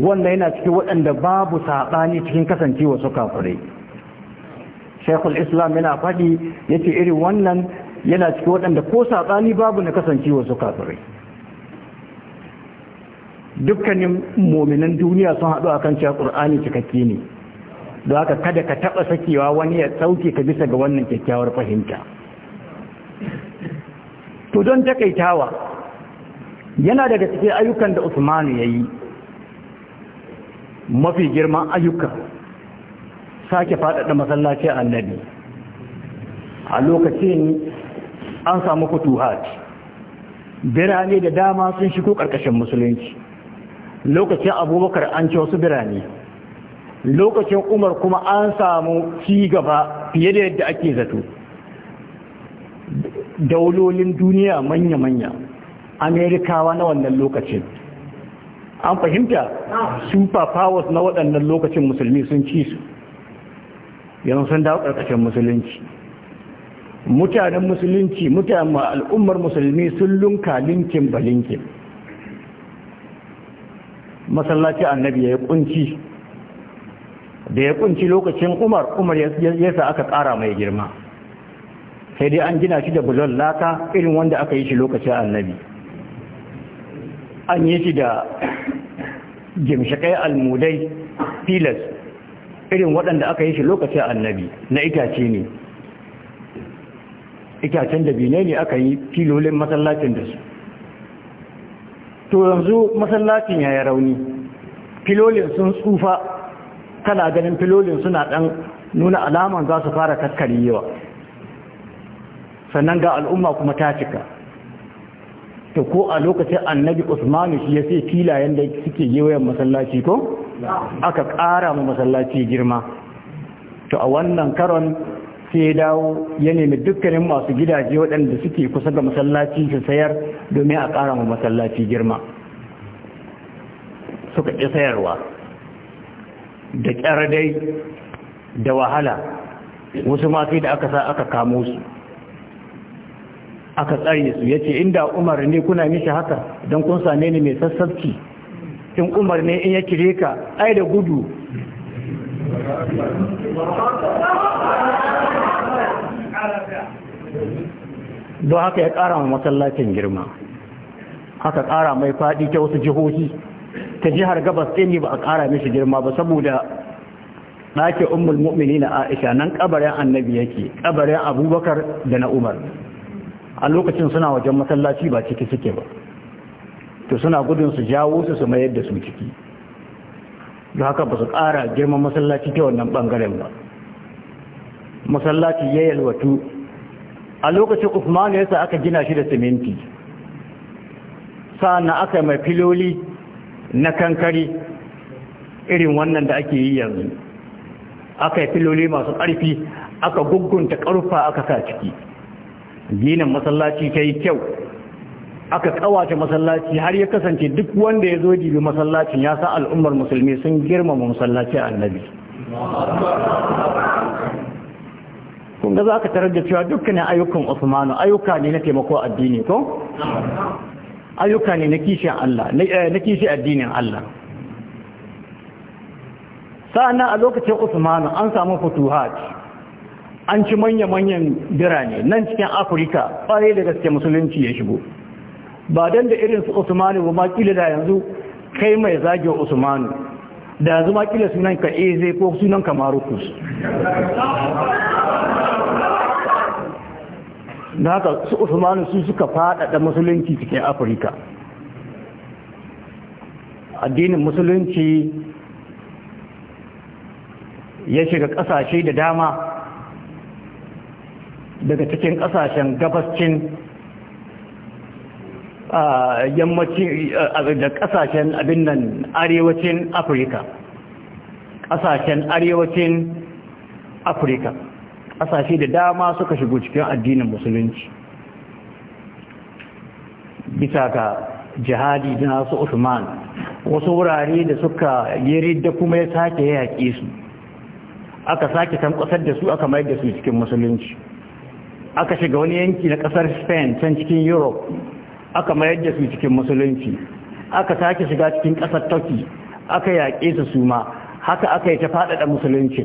wanda yana cikin waɗanda babu saɓani cikin kasancewa su kafirai shekul islam yana faɗi yace irin wannan yana cikin waɗanda ko saɓani babu na kasancewa su kafirai dukkanin mominan duniya sun haɗu akan cewa ƙur'ani cikakke ne don haka kada ka taɓa sakewa wani ya sauke ka bisa ga wannan kyakkyawar fahimta to don takaitawa yana daga cikin ayyukan da usmanu ya yi mafi girman ayyuka sake faɗaɗa masallaci annabi a lokacin an samu kutuhat birane da dama sun shigo ƙarƙashin musulunci lokacin abubakar an ci wasu birane lokacin umar kuma an samu ci gaba fiye da yadda ake zato daulolin duniya manya-manya amerikawa na wannan lokacin an fahimta super powers na waɗannan lokacin musulmi sun ci su yanzu sun dawo ƙarƙashin musulunci mutanen musulunci mutanen al'ummar musulmi sun lunka linkin ba linkin masallaci annabi ya yi kunci da ya kunci lokacin umar umar ya sa aka ƙara mai girma sai dai an gina shi da bulon laka irin wanda aka yi shi lokacin annabi an yi shi da gimshakai almudai filas irin waɗanda aka yi shi lokacin annabi na itace ne itacen da bine ne aka yi filolin masallacin da su to yanzu masallacin ya yi rauni filolin sun tsufa kana ganin filolin suna ɗan nuna alaman za su fara taskari yawa sannan ga al'umma kuma ta cika to ko a lokacin annabi usmanu shi ya sai filayen da suke wayan masallaci ko aka ƙara ma masallaci girma to a wannan karon sai ya dawo ya nemi dukkanin masu gidaje waɗanda suke kusa ga masallaci su sayar domin a ƙara ma masallaci girma suka ƙi sayarwa da ƙyar dai da wahala wasu masu da aka sa aka kamo su aka tsare su ya ce inda umar ne kuna mishi haka don kun same ni mai sassabci in umar ne in ya kire ka ai da gudu don haka ya ƙara wa masallacin girma haka ƙara mai faɗi ta wasu jihohi ta jihar gabas ɗin ba a ƙara mishi girma ba saboda ɗake umar, mu'mini na aisha nan ƙabarin annabi yake ƙabarin abubakar da na umar a lokacin suna wajen masallaci ba ciki suke ba to suna gudun su jawo su su mayar da su ciki don haka ba su ƙara girman masallaci ta wannan ɓangaren ba masallaci ya yalwatu a lokacin usmanu yasa aka gina shi da siminti sa'an aka mai filoli na kankari irin wannan da ake yi yanzu aka yi filoli masu ƙarfi aka gugunta ƙarfa aka sa ciki ginin masallaci ta yi kyau aka kawace masallaci har ya kasance duk wanda ya zo jibi masallacin ya sa al'ummar musulmi sun girmama masallaci annabi kun ga za ka tarar da cewa dukkanin ayyukan usmanu ayyuka ne na taimako addini ko ayyuka ne na kishin eh, addinin Allah sa'annan a lokacin usmanu an samu futuhat an ci manya-manyan birane nan cikin afirka ɓare da gaske musulunci ya shigo ba don da irin su usmanu ba makila da yanzu kai mai zage usmanu da yanzu makila sunan ka eze ko sunan ka marukus da haka su usmanu su suka faɗaɗa musulunci cikin afirka addinin musulunci ya shiga ƙasashe da dama daga cikin ƙasashen gabascin yammacin da kasashen abin nan arewacin afirka kasashen arewacin afirka kasashe da dama suka shigo cikin addinin musulunci bisa ga jihadi da nasu usman wasu wurare da suka yi da kuma ya sake ya yaƙe su aka sake tankwasar da su aka mayar da su cikin musulunci aka shiga wani yanki na ƙasar spain can cikin europe aka mayar da su cikin musulunci aka sake shiga cikin ƙasar tafi, aka yaƙe su suma haka aka yi ta faɗaɗa musulunci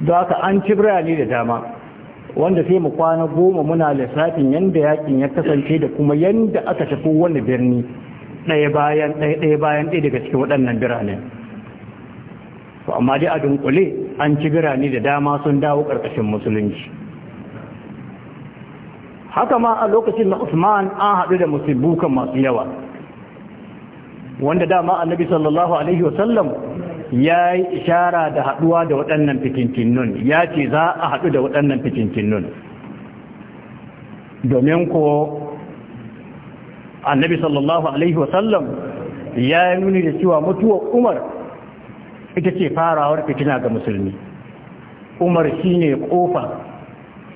da haka an ci birane da dama wanda sai mu kwana goma muna lissafin yadda yakin ya kasance da kuma yadda aka tafi wani birni ɗaya bayan ɗaya ɗaya bayan ɗaya daga cikin waɗannan birane to amma dai a dunkule an ci birane da dama sun dawo ƙarƙashin musulunci haka ma a lokacin na Usman an haɗu da musibukan masu yawa wanda dama annabi sallallahu alaihi wasallam ya yi ishara da haɗuwa da waɗannan fitintinnun ya ce za a haɗu da waɗannan fitintinnun domin ko annabi sallallahu alaihi wasallam ya yi nuni da cewa mutuwar umar ita ce farawar fitina ga musulmi umar shine kofa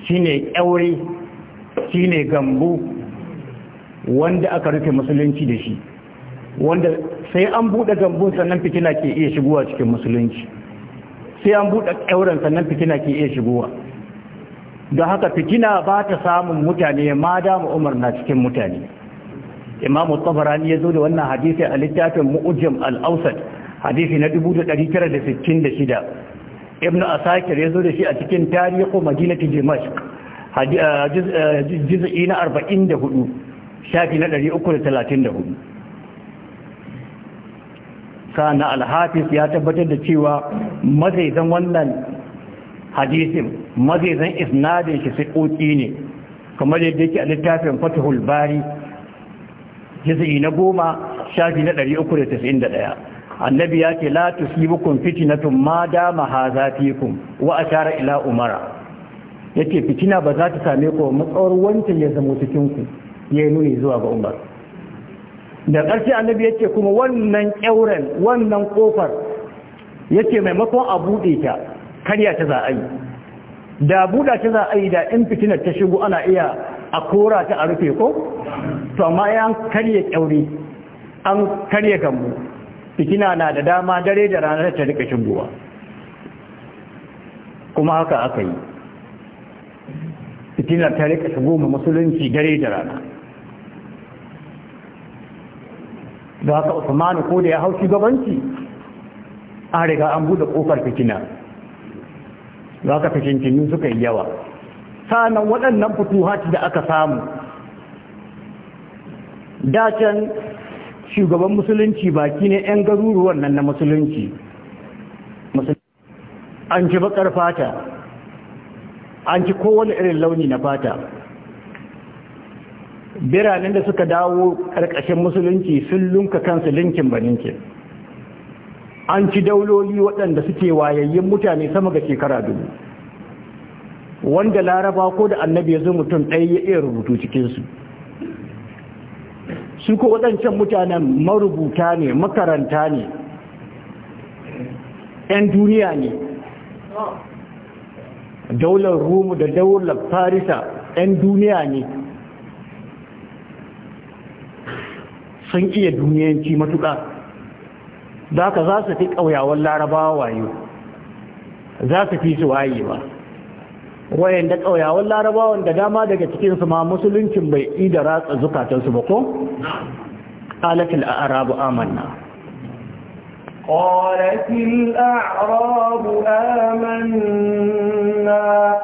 shine ƙyaure shine gambu wanda aka rufe musulunci da shi wanda sai an buɗe gambun sannan fitina ke iya shigowa cikin musulunci sai an buɗe ƙyauren sannan fitina ke iya shigowa don haka fitina ba ta samun mutane ma damu umar na cikin mutane imamu tabarani ya zo da wannan hadisai a littafin mu'ujjam al hadisi na 1966 ibnu asakir ya zo da shi a cikin tarihi ko madinati jimashik Eh, jiz'i eh, na 44 shafi na 334 sana alhafis ya tabbatar da cewa mazaizan wannan hadisin mazaizan isnadin shi sai ne kamar yadda yake a littafin fatihul bari jiz'i na goma shafi na 391 annabi ya ce la tusibukum fitnatun ma dama hazafikum wa ashara ila umara yake fitina ba za ta same ku matsawar wancan ya zama cikin ku ya yi nuni zuwa ga umar da ƙarshe annabi yake kuma wannan ƙyauren wannan ƙofar yake maimakon a buɗe ta karya ta za a yi da buɗa ta za da in fitinar ta shigo ana iya a kora ta a rufe ko to amma an karya ƙyaure an karya gambo fitina na da dama dare da ranar ta rika shigowa kuma haka aka yi fitina ta rika shigo mu musulunci dare da rana da haka Usman ko da ya hau shugabanci an riga an bude kofar fitina da haka fitintinu suka yi yawa sanan waɗannan fituhati da aka samu dacen shugaban musulunci baki ne 'yan garuruwan nan na musulunci an ci bakar fata an ci kowane irin launi na fata biranen da suka dawo ƙarƙashin musulunci sun lunka kansu linkin baninkin an ci dauloli waɗanda suke wayayyin mutane sama ga shekara dubu wanda laraba ko da annabi ya zo mutum ɗaya ya iya rubutu cikinsu su ko waɗancan mutanen marubuta ne makaranta ne 'yan duniya ne daular rumu da daular farisa 'yan duniya ne sun iya duniyanci matuƙa da ka za su fi ƙauyawan larabawa wayo za su fi su waye ba wayan da ƙauyawan larabawan da dama daga cikinsu ma musuluncin bai da ratsa zukatansu ba ko? a arabu amanna قالت الأعراب آمنا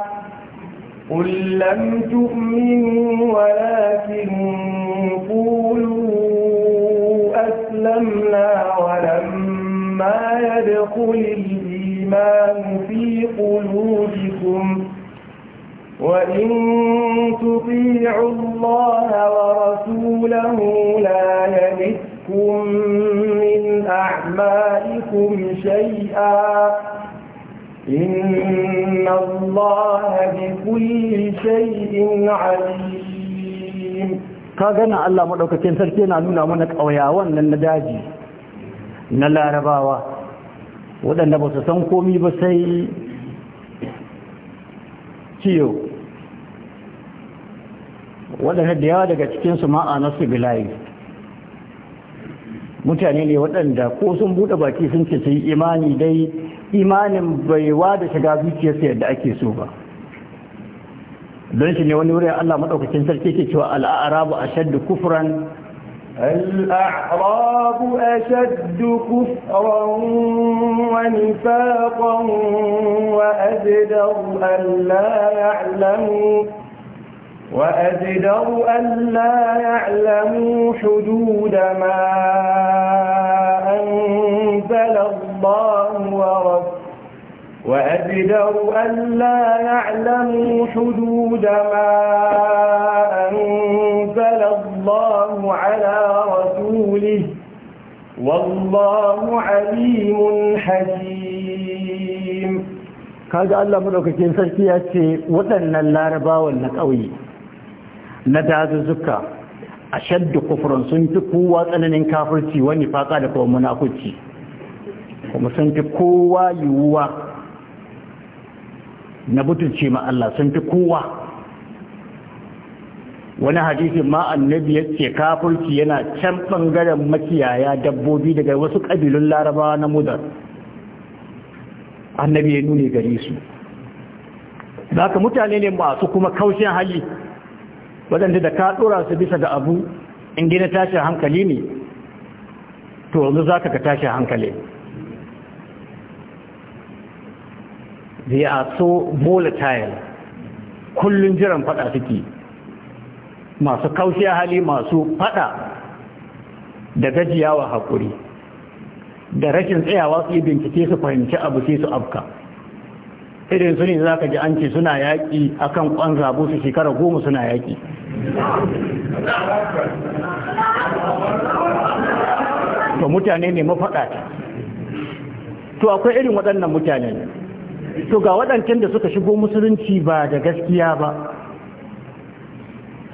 قل لم تؤمنوا ولكن قولوا أسلمنا ولما يدخل الإيمان في قلوبكم وإن تطيعوا الله ورسوله لا يمثل تلهكم مِنْ أَعْمَالِكُمْ شَيْئًا إِنَّ اللَّهَ بِكُلِّ شَيْءٍ عَلِيمٌ كاغنا الله مدوكتين سركينا نونا منك أوياوان للنداجي نلا رباوة ودن نبوس سنقومي بسي ciyo waɗanda da yawa daga cikinsu ma'a nasu bilayi mutane ne waɗanda ko sun buɗe baki sun ce sai imani dai imanin bai da shiga zuciyarsa yadda ake so ba don shi ne wani wurin Allah maɗaukacin sarki ke cewa al'arabu a shaddu kufran الأعراب أشد كفرا ونفاقا وأجدر أن لا يعلموا وأجدر أن لا يعلموا حدود ما أنزل الله ورسوله وأجدر أن لا يعلموا حدود ما أنزل الله على رسوله والله عليم حكيم كان قال لهم لو كنت ce أتي larabawan اللاربا ƙauye na dazuzzuka a shaddu kufurin sun fi kowa tsananin kafirci wani fata da kuma munafuci kuma sun fi kowa yiwuwa na butulce ma Allah sun fi kowa wani hadisi ma annabi ya ce kafirci yana can ɓangaren makiyaya dabbobi daga wasu ƙabilun larabawa na mudar annabi ya nune gare su za mutane ne masu kuma kaushin hali waɗanda da ka ɗora su bisa ga abu inda na tashi hankali ne to wanzu za ka ka tashi hankali they are so volatile kullum jiran fada suke masu kaushiyar hali masu fada da gajiyawa hakuri da rashin tsayawa su yi bincike su fahimci abu sai su afka irin su ne za ka ji an ce suna yaƙi a kan ƙwan zabo su shekara goma suna yaƙi to mutane ne ta. to akwai irin waɗannan mutane ne to ga waɗancan da suka shigo musulunci ba da gaskiya ba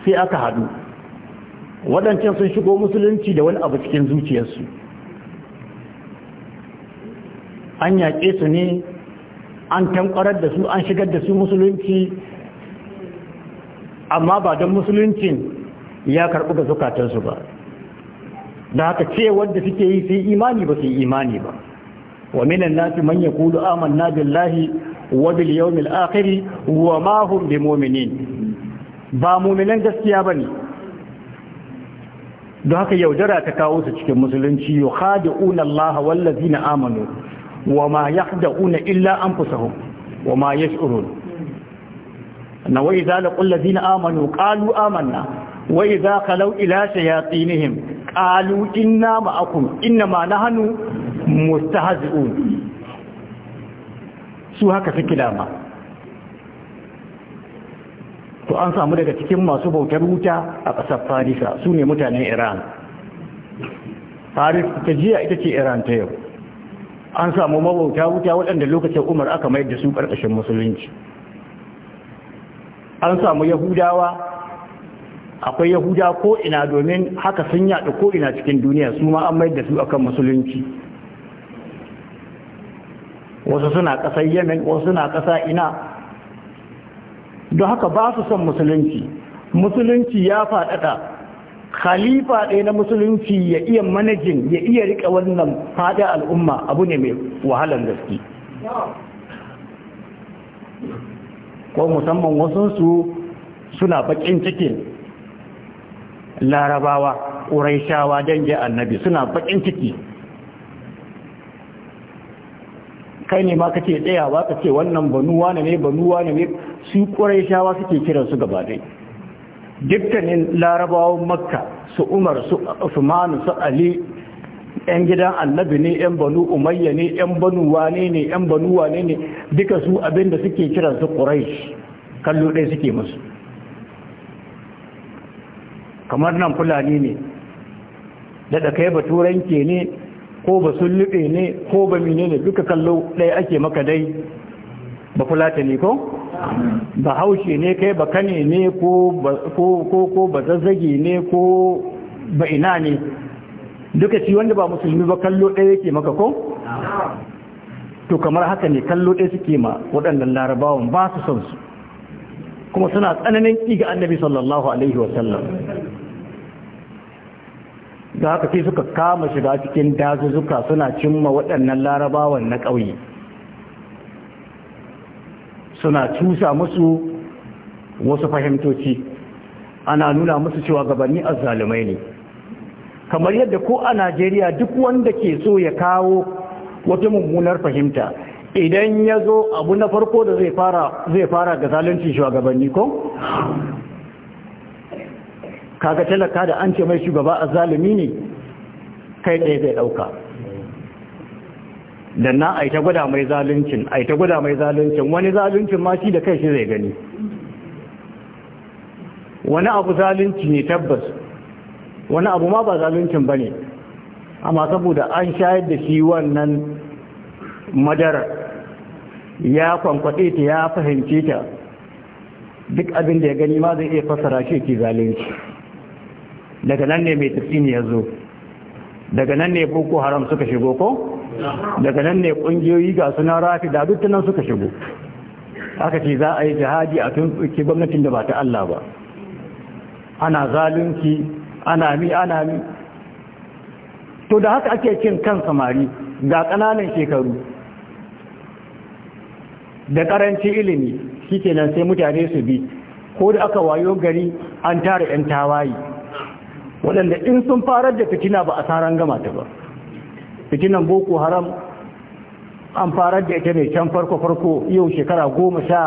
sai aka haɗu waɗancan sun shigo musulunci da wani abu cikin zuciyarsu an yaƙe su ne an tankarar da su an shigar da su musulunci amma ba don musuluncin ya karɓi ga zukatansu ba da haka ce wanda suke yi su imani ba su yi imani ba wa minan nasi man yaqulu amanna billahi wa bil yawmil akhiri wa ma hum muminin. ba mu'minan gaskiya bane don haka yaudara ta kawo su cikin musulunci yukhadi'una Allah wallazina amanu wa ma yakhda'una illa anfusahum wa ma yash'urun na wa idza laqul ladina amanu qalu amanna wa idza khalaw ila shayatinihim qalu inna ma'akum innama nahnu su haka to an samu daga cikin masu bautar wuta a ƙasar farisa su ne mutanen iran faris ta jiya ita ce iran ta yau an samu mabauta wuta waɗanda lokacin umar aka mai da su ƙarƙashin musulunci an samu yahudawa akwai yahuda ko'ina domin haka sun yaɗa ko'ina cikin duniya su ma an mai da su akan musulunci wasu suna ƙasar yamin, wasu suna ƙasa ina don haka ba su son musulunci musulunci ya faɗaɗa khalifa ɗaya na musulunci ya iya manajin ya iya riƙe wannan faɗi al'umma abu ne mai wahalar gaske ko musamman wasunsu suna baƙin cikin larabawa ƙuraishawa dangin annabi suna baƙin ciki kai ne ma kace tsayawa kace wannan banuwa ne banuwa ne su ƙuraishawa suke kiransu gabaɗai dukkanin larabawan makka su umar su usman su ali yan gidan annabi ne yan banu umayya ne yan banu wane ne yan banu wane ne duka su abinda suke kiran su quraish kallo ɗaya suke musu kamar nan fulani ne da kai ba turanke ne ko ba sun lube ne ko ba mine duka kallo ɗaya ake maka dai ba fulata ne ko bahaushe ne kai bakane ne ko ko zazzage ne ko ba ina ne duka ci wanda ba musulmi ba kallo ɗaya yake maka ko? to kamar haka ne kallo ɗaya suke ma waɗannan larabawan ba su son su kuma suna tsananin ƙiga annabi sallallahu alaihi wasallam da haka sai suka kama shiga cikin dazuzzuka suna cimma waɗannan larabawan na ƙauye suna cusa musu wasu fahimtoci ana nuna musu cewa gabanni azzalumai ne kamar yadda ko a najeriya duk wanda ke so ya kawo wata mummunar fahimta idan ya zo abu na farko da zai fara ga zalunci shugabanni ko? kaga talaka da an ce mai shugaba a zalumi ne kai ɗaya zai ɗauka da na aita gwada mai zaluncin aita gwada mai zaluncin wani zaluncin ma shi da kai shi zai gani wani abu zalunci ne tabbas wani abu ma ba zaluncin ba ne amma saboda an shayar da shi wannan madara ya kwankwaɗe ta ya fahimce ta duk abin da ya gani ma zai iya fasara shi ke zalunci daga nan ne mai tafi ne ya zo daga nan ne boko haram suka shigo ko daga nan ne kungiyoyi ga suna rafi da duk nan suka shigo aka ce za a yi jihadi a tuntuki gwamnatin da ba ta Allah ba ana zalunci ana mi ana mi to da haka ake cin kan samari ga ƙananan shekaru da ƙaranci ilimi shi nan sai mutane su bi ko da aka wayo gari an tara 'yan tawaye waɗanda in sun farar da fitina ba a saran gama ta ba fitinan boko haram an fara da ita ne can farko-farko yau shekara goma sha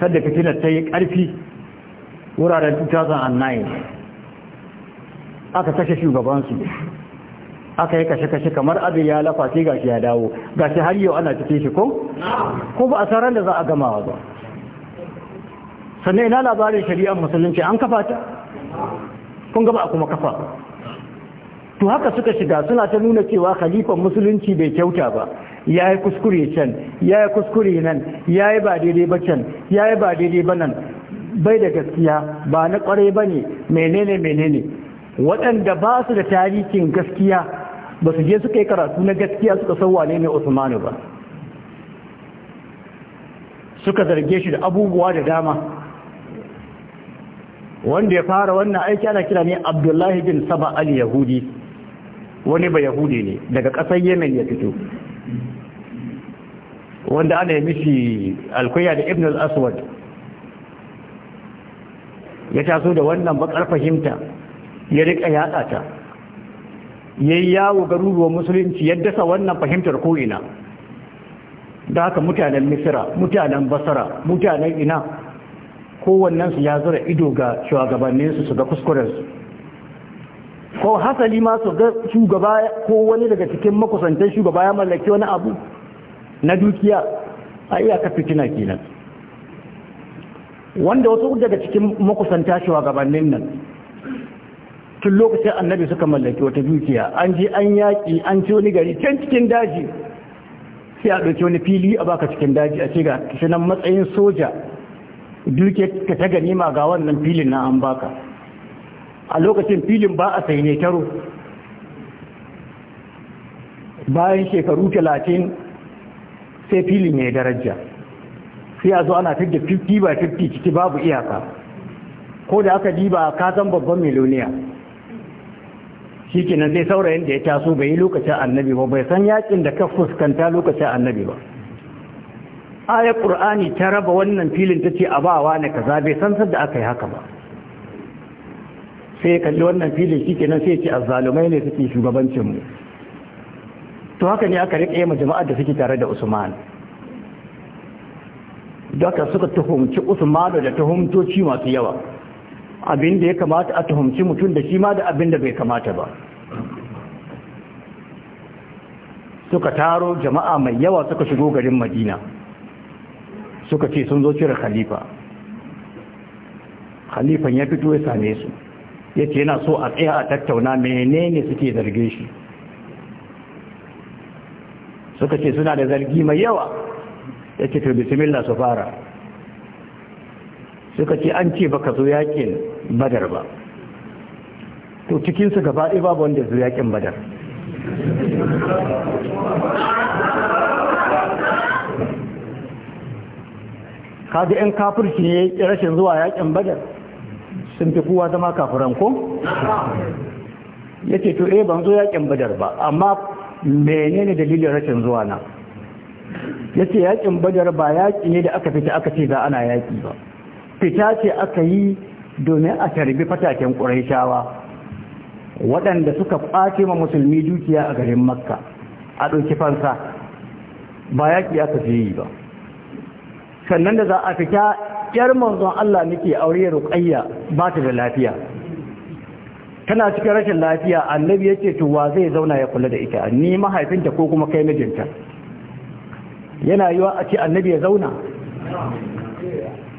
sadda fitinar ta yi ƙarfi wuraren 2009 aka kashe shugabansu aka yi kashe-kashe kamar abin ya lafa sai gashi ya dawo gashi har yau ana cikin shi ko? ko ba a tsaron da za a gama ba sannan ina labarin shari'ar musulunci an kafa ta? kun gaba a kuma kafa to haka suka shiga suna ta nuna cewa khalifan musulunci bai kyauta ba ya yi kuskure can ya yi kuskure nan ya yi ba daidai ba can ya yi ba daidai ba nan bai da gaskiya ba na kwarai ba ne menene menene waɗanda ba su da tarihin gaskiya ba su je suka yi karatu na gaskiya suka san wane ne usmanu ba suka zarge shi da abubuwa da dama wanda ya fara wannan aiki ana kira ne abdullahi bin saba al-yahudi wani ba yahudi ne daga ƙasar yemen ya fito wanda ana yi mishi alkuya da ibn al-aswad ya taso da wannan bakar fahimta ya rika yada ta ya yi yawo garuruwan musulunci ya dasa wannan fahimtar ko'ina da haka mutanen misira mutanen basara mutanen ina kowannensu ya zura ido ga shugabanninsu su ga kuskurensu ko hasali ma su ga shugaba ko wani daga cikin makusantan shugaba ya mallaki wani abu na dukiya a iyaka fitina kenan wanda wasu daga cikin makusanta shugabannin nan tun lokacin annabi suka mallaki wata dukiya an ji an yaƙi an ci wani gari can cikin daji sai a ɗauki wani fili a baka cikin daji a ce ga kishinan matsayin soja dukiya ka ta ganima ga wannan filin na an baka a lokacin filin ba a sai ne taro bayan shekaru talatin sai filin ya daraja sai a zo ana fidda 50 by 50 ciki babu iyaka ko da aka diba a babban miloniya shi kenan sai saurayin da ya taso bai yi lokacin annabi ba bai san yakin da ka fuskanta lokacin annabi ba ayar ƙur'ani ta raba wannan filin ta ce a bawa ne kaza bai san da aka yi haka ba sai kalli wannan filin shi kenan sai ce azzalumai ne suke shugabancin mu to haka ne aka riƙe ma jama'ar da suke tare da Usman daga suka tuhumci Usman da tuhumtoci masu yawa abin da ya kamata a tuhumci mutum da shi ma da abin da bai kamata ba suka taro jama'a mai yawa suka shigo garin Madina suka ce sun zo cire khalifa khalifan ya fito ya same su ya ce yana so a tsaye a tattauna menene suke zarge shi suka ce suna da zargi mai yawa ya ce to bismillah su fara suka ce an ce baka zo yakin badar ba to cikinsu gaba ɗi babu wanda zo yakin badar kaga yan kafirci ne rashin zuwa yakin badar sun fi kuwa zama kafiran ko ce to eh ban zo yakin badar ba amma menene dalilin rashin zuwa na Ya ce yakin badar ba yaki ne da aka fita aka ce za ana yaki ba fita ce aka yi domin a tarbi fataken ƙuraishawa waɗanda suka ƙwace ma musulmi dukiya a garin makka a ɗauki fansa ba yaƙi aka fi yi ba sannan da za a fita yar manzon Allah nake aure Ruqayya ba ta da lafiya tana cikin rashin lafiya annabi yace to wa zai zauna ya kula da ita ni mahaifinta ko kuma kai mijinta yana yiwa a ce annabi ya zauna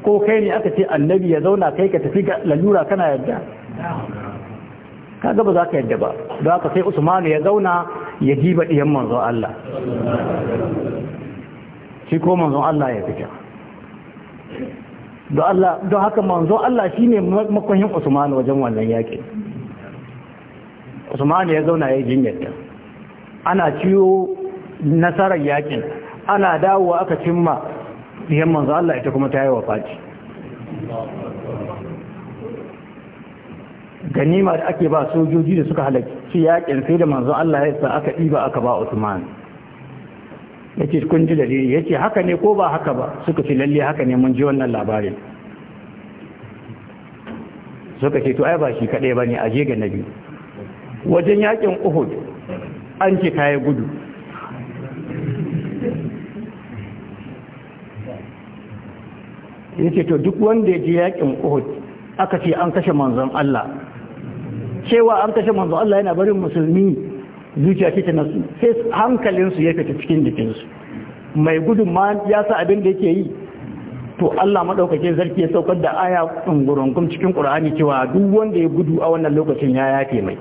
ko kai ne aka ce annabi ya zauna kai ka tafi lalura kana yadda kaga ba za ka yadda ba za ka sai usmanu ya zauna ya jiba diyan manzon Allah shi ko manzon Allah ya fita don haka manzo Allah ne makonin Usman wajen wannan yaƙi. Usman ya zauna ya yi jinyarta ana ciwo nasarar yaƙin ana dawowa aka cimma diyan manzo Allah ita kuma ta yi faci. ganima da ake ba sojoji da suka halarci yaƙin, sai da manzo Allah ya sa aka ɗiba aka ba Usman yace kun ji dalili yace haka ne ko ba haka ba suka ce lalle haka ne mun ji wannan labarin suka ce to ai ba shi kadai bane je ga nabi wajen yakin Uhud an ce kai gudu yace to duk wanda ya je yakin Uhud aka ce an kashe manzon Allah cewa an kashe manzon Allah yana barin musulmi zuciya ce ta su sai hankalinsu ya fita cikin jikinsu mai gudun ma ya sa abin da yake yi to Allah madaukakin zarki ya saukar da aya kum cikin Qur'ani cewa duk wanda ya gudu a wannan lokacin ya yafe mai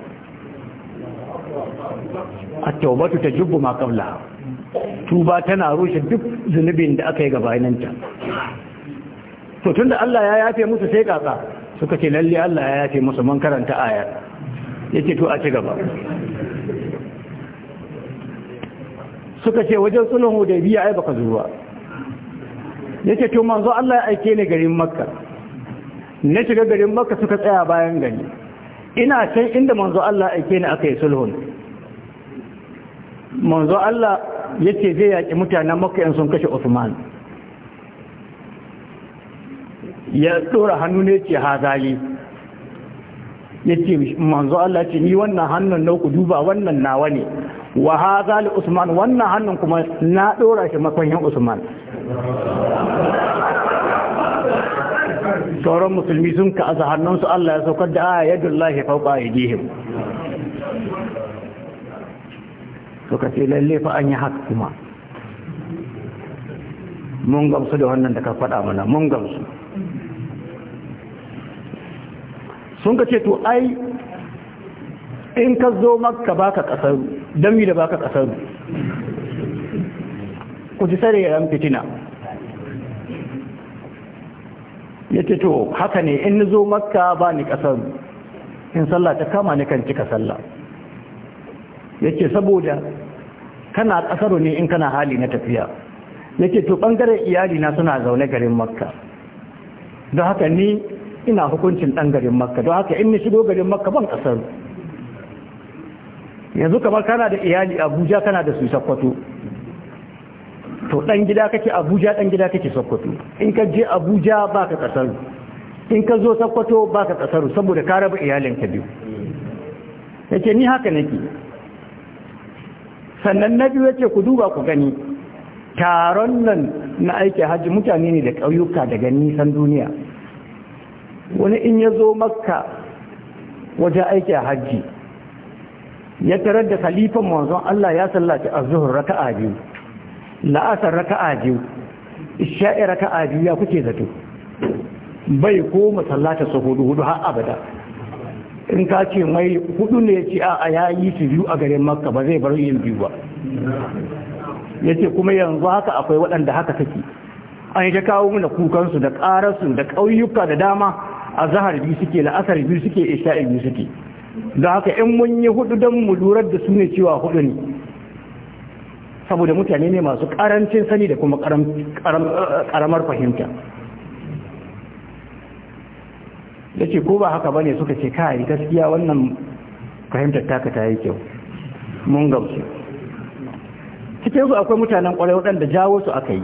at-taubatu tajubbu ma qabla tuba tana rushe duk zunubin da aka yi gabaninta to tunda Allah ya yafe musu sai kaka suka ce lalle Allah ya yafe musu mun karanta aya yake to a ci gaba suka ce wajen sulhun hudaybiya ai baka zuwa yake to manzo Allah ya aike ni garin makka na shiga garin makka suka tsaya bayan gani ina can inda manzo Allah aike ni akai sulhun manzo Allah yace zai yaki mutanen makka in sun kashe Usman ya dora hannu ne ce zali yace manzo Allah ce ni wannan hannun na ku duba wannan nawa ne wa haza li usman wannan hannun kuma na dora shi makwanyan usman sauran musulmi sun ka asa hannunsu Allah ya saukar da aya yadda Allah ya fauka a yajihim suka ce lalle fa an yi haka kuma mun gamsu da wannan da ka faɗa mana mun gamsu sun ka ce to ai in ka zo makka baka kasaru don da baka kasaru ku ci sare yan fitina ya ce to haka ne in zo makka ba ni kasaru in sallah ta kama ni kan cika sallah ya ce saboda kana kasaru ne in kana hali na tafiya ya ce to bangaren iyali na suna zaune garin makka don haka ni ina hukuncin ɗan garin makka don haka in ni shigo garin makka ban kasaru yanzu kamar kana da iyali abuja kana da su sakwato to dan gida kake abuja dan gida kake sakwato in ka je abuja baka kasaru in ka zo ba baka kasaru saboda ka raba iyalinka biyu yake ni haka nake sannan na biyu yake ku duba ku gani taron nan na aiki hajji mutane ne da ƙauyuka daga nisan duniya wani in ya zo makka wajen aiki hajji ya tarar da khalifan manzon Allah ya sallaci az raka'a biyu la'asar raka'a biyu isha'i raka'a biyu ya kuke zato bai ko masallata su hudu hudu har abada in ka ce mai hudu ne ce a ya yi su biyu a garin makka ba zai bar yin biyu ba ya ce kuma yanzu haka akwai waɗanda haka take an yi kawo mana kukansu da ƙararsu da ƙauyuka da dama a zahar biyu suke la'asar biyu suke isha'i biyu suke da haka in mun yi hudu don mu lura da su ne cewa hudu ne saboda mutane ne masu karancin sani da kuma karamar fahimta da ce ko ba haka ba ne suka ce kai gaskiya wannan fahimtar taka ta yi kyau mun gamsu cikin su akwai mutanen kwarai waɗanda jawo su aka yi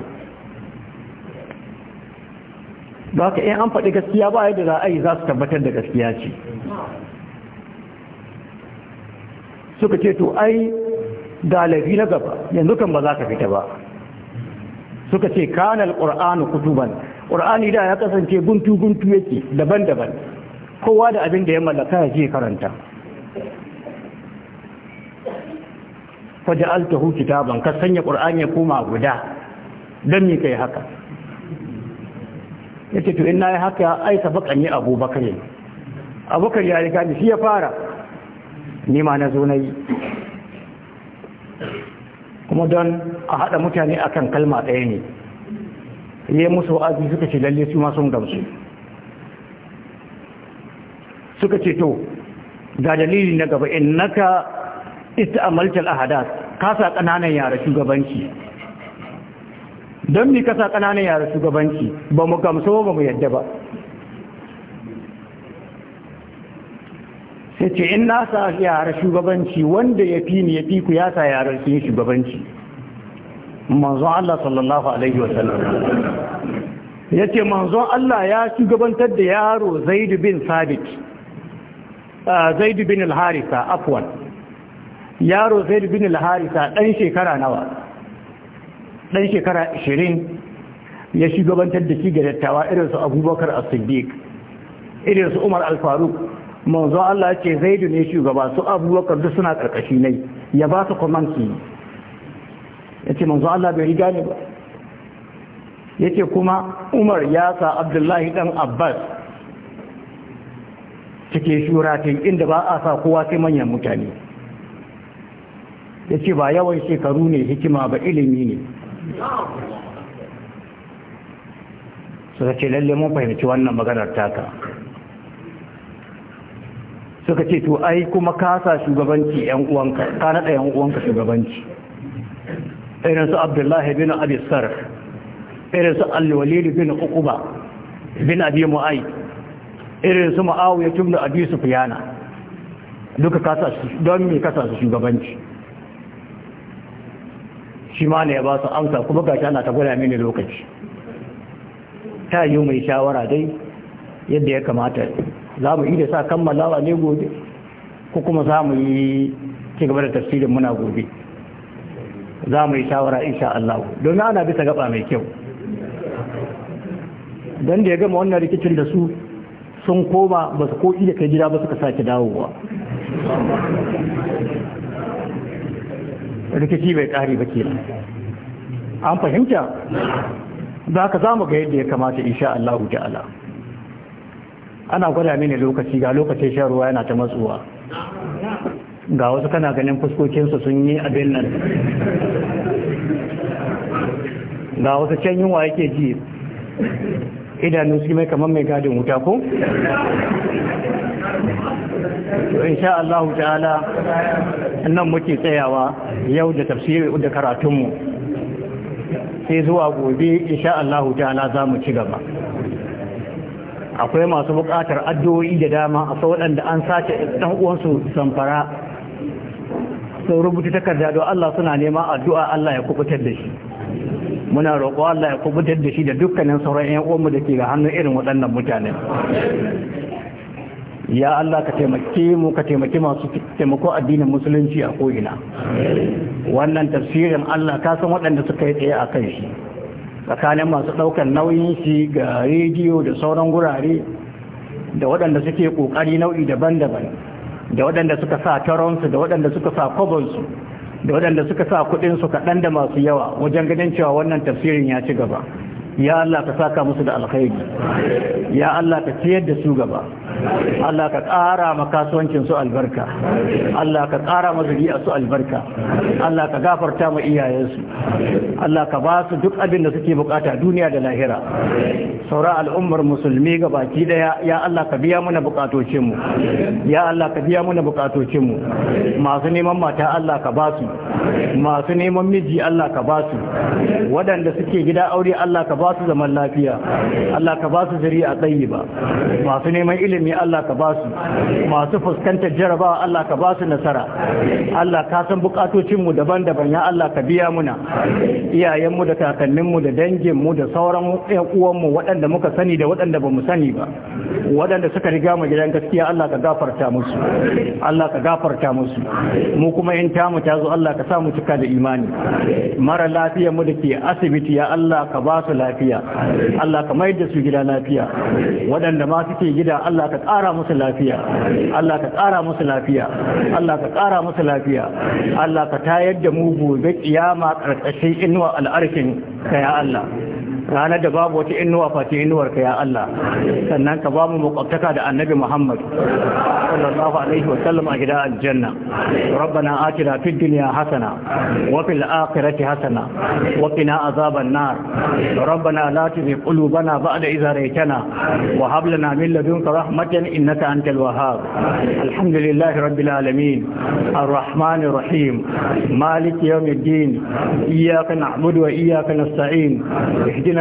ba ka in an faɗi gaskiya ba yadda za a yi za su tabbatar da gaskiya ce suka ce to ai dalibi na gaba yanzu kan ba za ka fita ba suka ce kanal qur'anu kutuban qur'ani da ya kasance guntu guntu yake daban-daban kowa da abin da ya mallaka ya je karanta faja'altahu kitaban ka sanya qur'ani ya koma guda dan me kai haka yace to in nayi haka ai sabakan ni abubakar abubakar ya riga shi ya fara ni ma na zo na yi kuma don a haɗa mutane akan kalma ɗaya ne ya musu wa'azi suka ce lalle su ma gamsu suka ce to ga dalili na gaba in naka ita amalcal ahadat kasa kananan yara shugabanci don mi kasa ƙananan yara shugabanci ba mu gamsu ba mu yadda ba ya ce in na sa yara shugabanci wanda ya fi ni ya fi ku ya sa yara su yi shugabanci manzo Allah sallallahu alaihi wasallam ya ce manzo Allah ya shugabantar da yaro zaidu bin sabit zaidu bin al-harisa afwan yaro zaidu bin al-harisa dan shekara nawa dan shekara 20 ya shugabantar da shi ga dattawa irin su abubakar as-siddiq irin su umar al-faruq manzo Allah ce zaidu ne shugaba su abubakar duk suna karkashi ne ya ba su kwamanki ya ce manzo Allah bai riga ne ba ya ce kuma umar ya sa abdullahi dan abbas cike shuratin inda ba a sa kowa sai manyan mutane ya ce ba yawan shekaru ne hikima ba ilimi ne suka ce lalle mun fahimci wannan maganar taka suka ce to ai kuma kasa shugabanci yan uwanka ka nada yan uwanka shugabanci irin su abdullahi bin abi sar irin su al-walid bin uquba bin abi mu'ay irin su muawiya bin abi sufyana duka kasa don me kasa su shugabanci shi ma ne ya ba su amsa kuma gashi ana ta gwada mini lokaci ta yi mai shawara dai yadda ya kamata za mu iya sa kammalawa ne gobe ko kuma za mu yi ci gaba da tafsirin muna gobe za mu yi shawara insha Allah domin ana bisa gaba mai kyau don da ya gama wannan rikicin da su sun koma ba su ko iya kai gida ba suka sake dawowa rikici bai kare ba kenan an fahimta za ka za mu ga yadda ya kamata insha Allah ta'ala ana gwada mini lokaci ga lokacin shan ruwa yana ta matsuwa ga wasu kana ganin fuskokinsu sun yi abin nan ga wasu can yunwa yake ji idanu su mai kamar mai gadin wuta ko? insha Allah ta'ala nan muke tsayawa yau da tafsiri da karatunmu sai zuwa gobe insha Allah ta'ala za mu ci gaba akwai masu bukatar addu'o'i da dama a akwai waɗanda an sace ɗan uwansu samfara sun rubuta takarda don Allah suna nema addu'a Allah ya kubutar da shi muna roƙo Allah ya kubutar da shi da dukkanin sauran ƴan uwanmu da ke ga hannun irin waɗannan mutanen ya Allah ka taimake mu ka taimake masu taimako addinin musulunci a ko'ina wannan tafsirin Allah ka san waɗanda suka yi tsaye a kan shi tsakanin masu ɗaukar nauyin shi ga rediyo da sauran gurare da waɗanda suke ƙoƙari nau'i daban-daban da waɗanda suka sa taronsu da waɗanda suka sa kwabonsu da waɗanda suka sa kuɗinsu kaɗan da masu yawa wajen ganin cewa wannan tafsirin ya ci gaba ya Allah ka saka musu da alkhairi ya Allah ka ciyar da su gaba Allah ka ƙara ma kasuwancin su albarka Allah ka ƙara ma a su albarka Allah ka gafarta ma iyayensu Allah ka ba su duk abin da suke bukata duniya da lahira saura al'ummar musulmi ga baki daya ya Allah ka biya mana bukatocin mu ya Allah ka biya mana bukatocin mu masu neman mata Allah ka ba su masu neman miji Allah ka ba su waɗanda suke gida aure Allah ka ba su zaman lafiya Allah ka ba su a tsayi ba masu neman ilimi ilimi Allah ka basu masu fuskantar jarabawa Allah ka basu nasara Allah ka san bukatocinmu daban-daban ya Allah ka biya muna iyayenmu da kakanninmu da danginmu da sauran ƴan uwanmu waɗanda muka sani da waɗanda ba mu sani ba waɗanda suka riga mu gidan gaskiya Allah ka gafarta musu Allah ka gafarta musu mu kuma in tamu ta zo Allah ka sa mu cika da imani mara lafiyar mu da ke asibiti ya Allah ka ba su lafiya Allah ka mai da su gida lafiya waɗanda ma suke gida Allah ka ƙara musu lafiya Allah ka ƙara musu lafiya Allah ka ƙara musu lafiya Allah ka tayar da mu gobe kiyama ƙarƙashin inuwa al'arkin ka ya Allah ranar da babu wata inuwa inuwar ka ya Allah sannan ka ba mu makwabtaka da annabi Muhammad sallallahu alaihi wa sallam a gida aljanna rabbana atina fid dunya hasana wa fil akhirati hasana wa qina azaban nar rabbana la tuzigh qulubana ba'da idh hadaytana wa hab lana min ladunka rahmatan innaka antal wahhab alhamdulillahi rabbil alamin الرحمن الرحيم مالك يوم الدين إياك نعبد وإياك نستعين اهدنا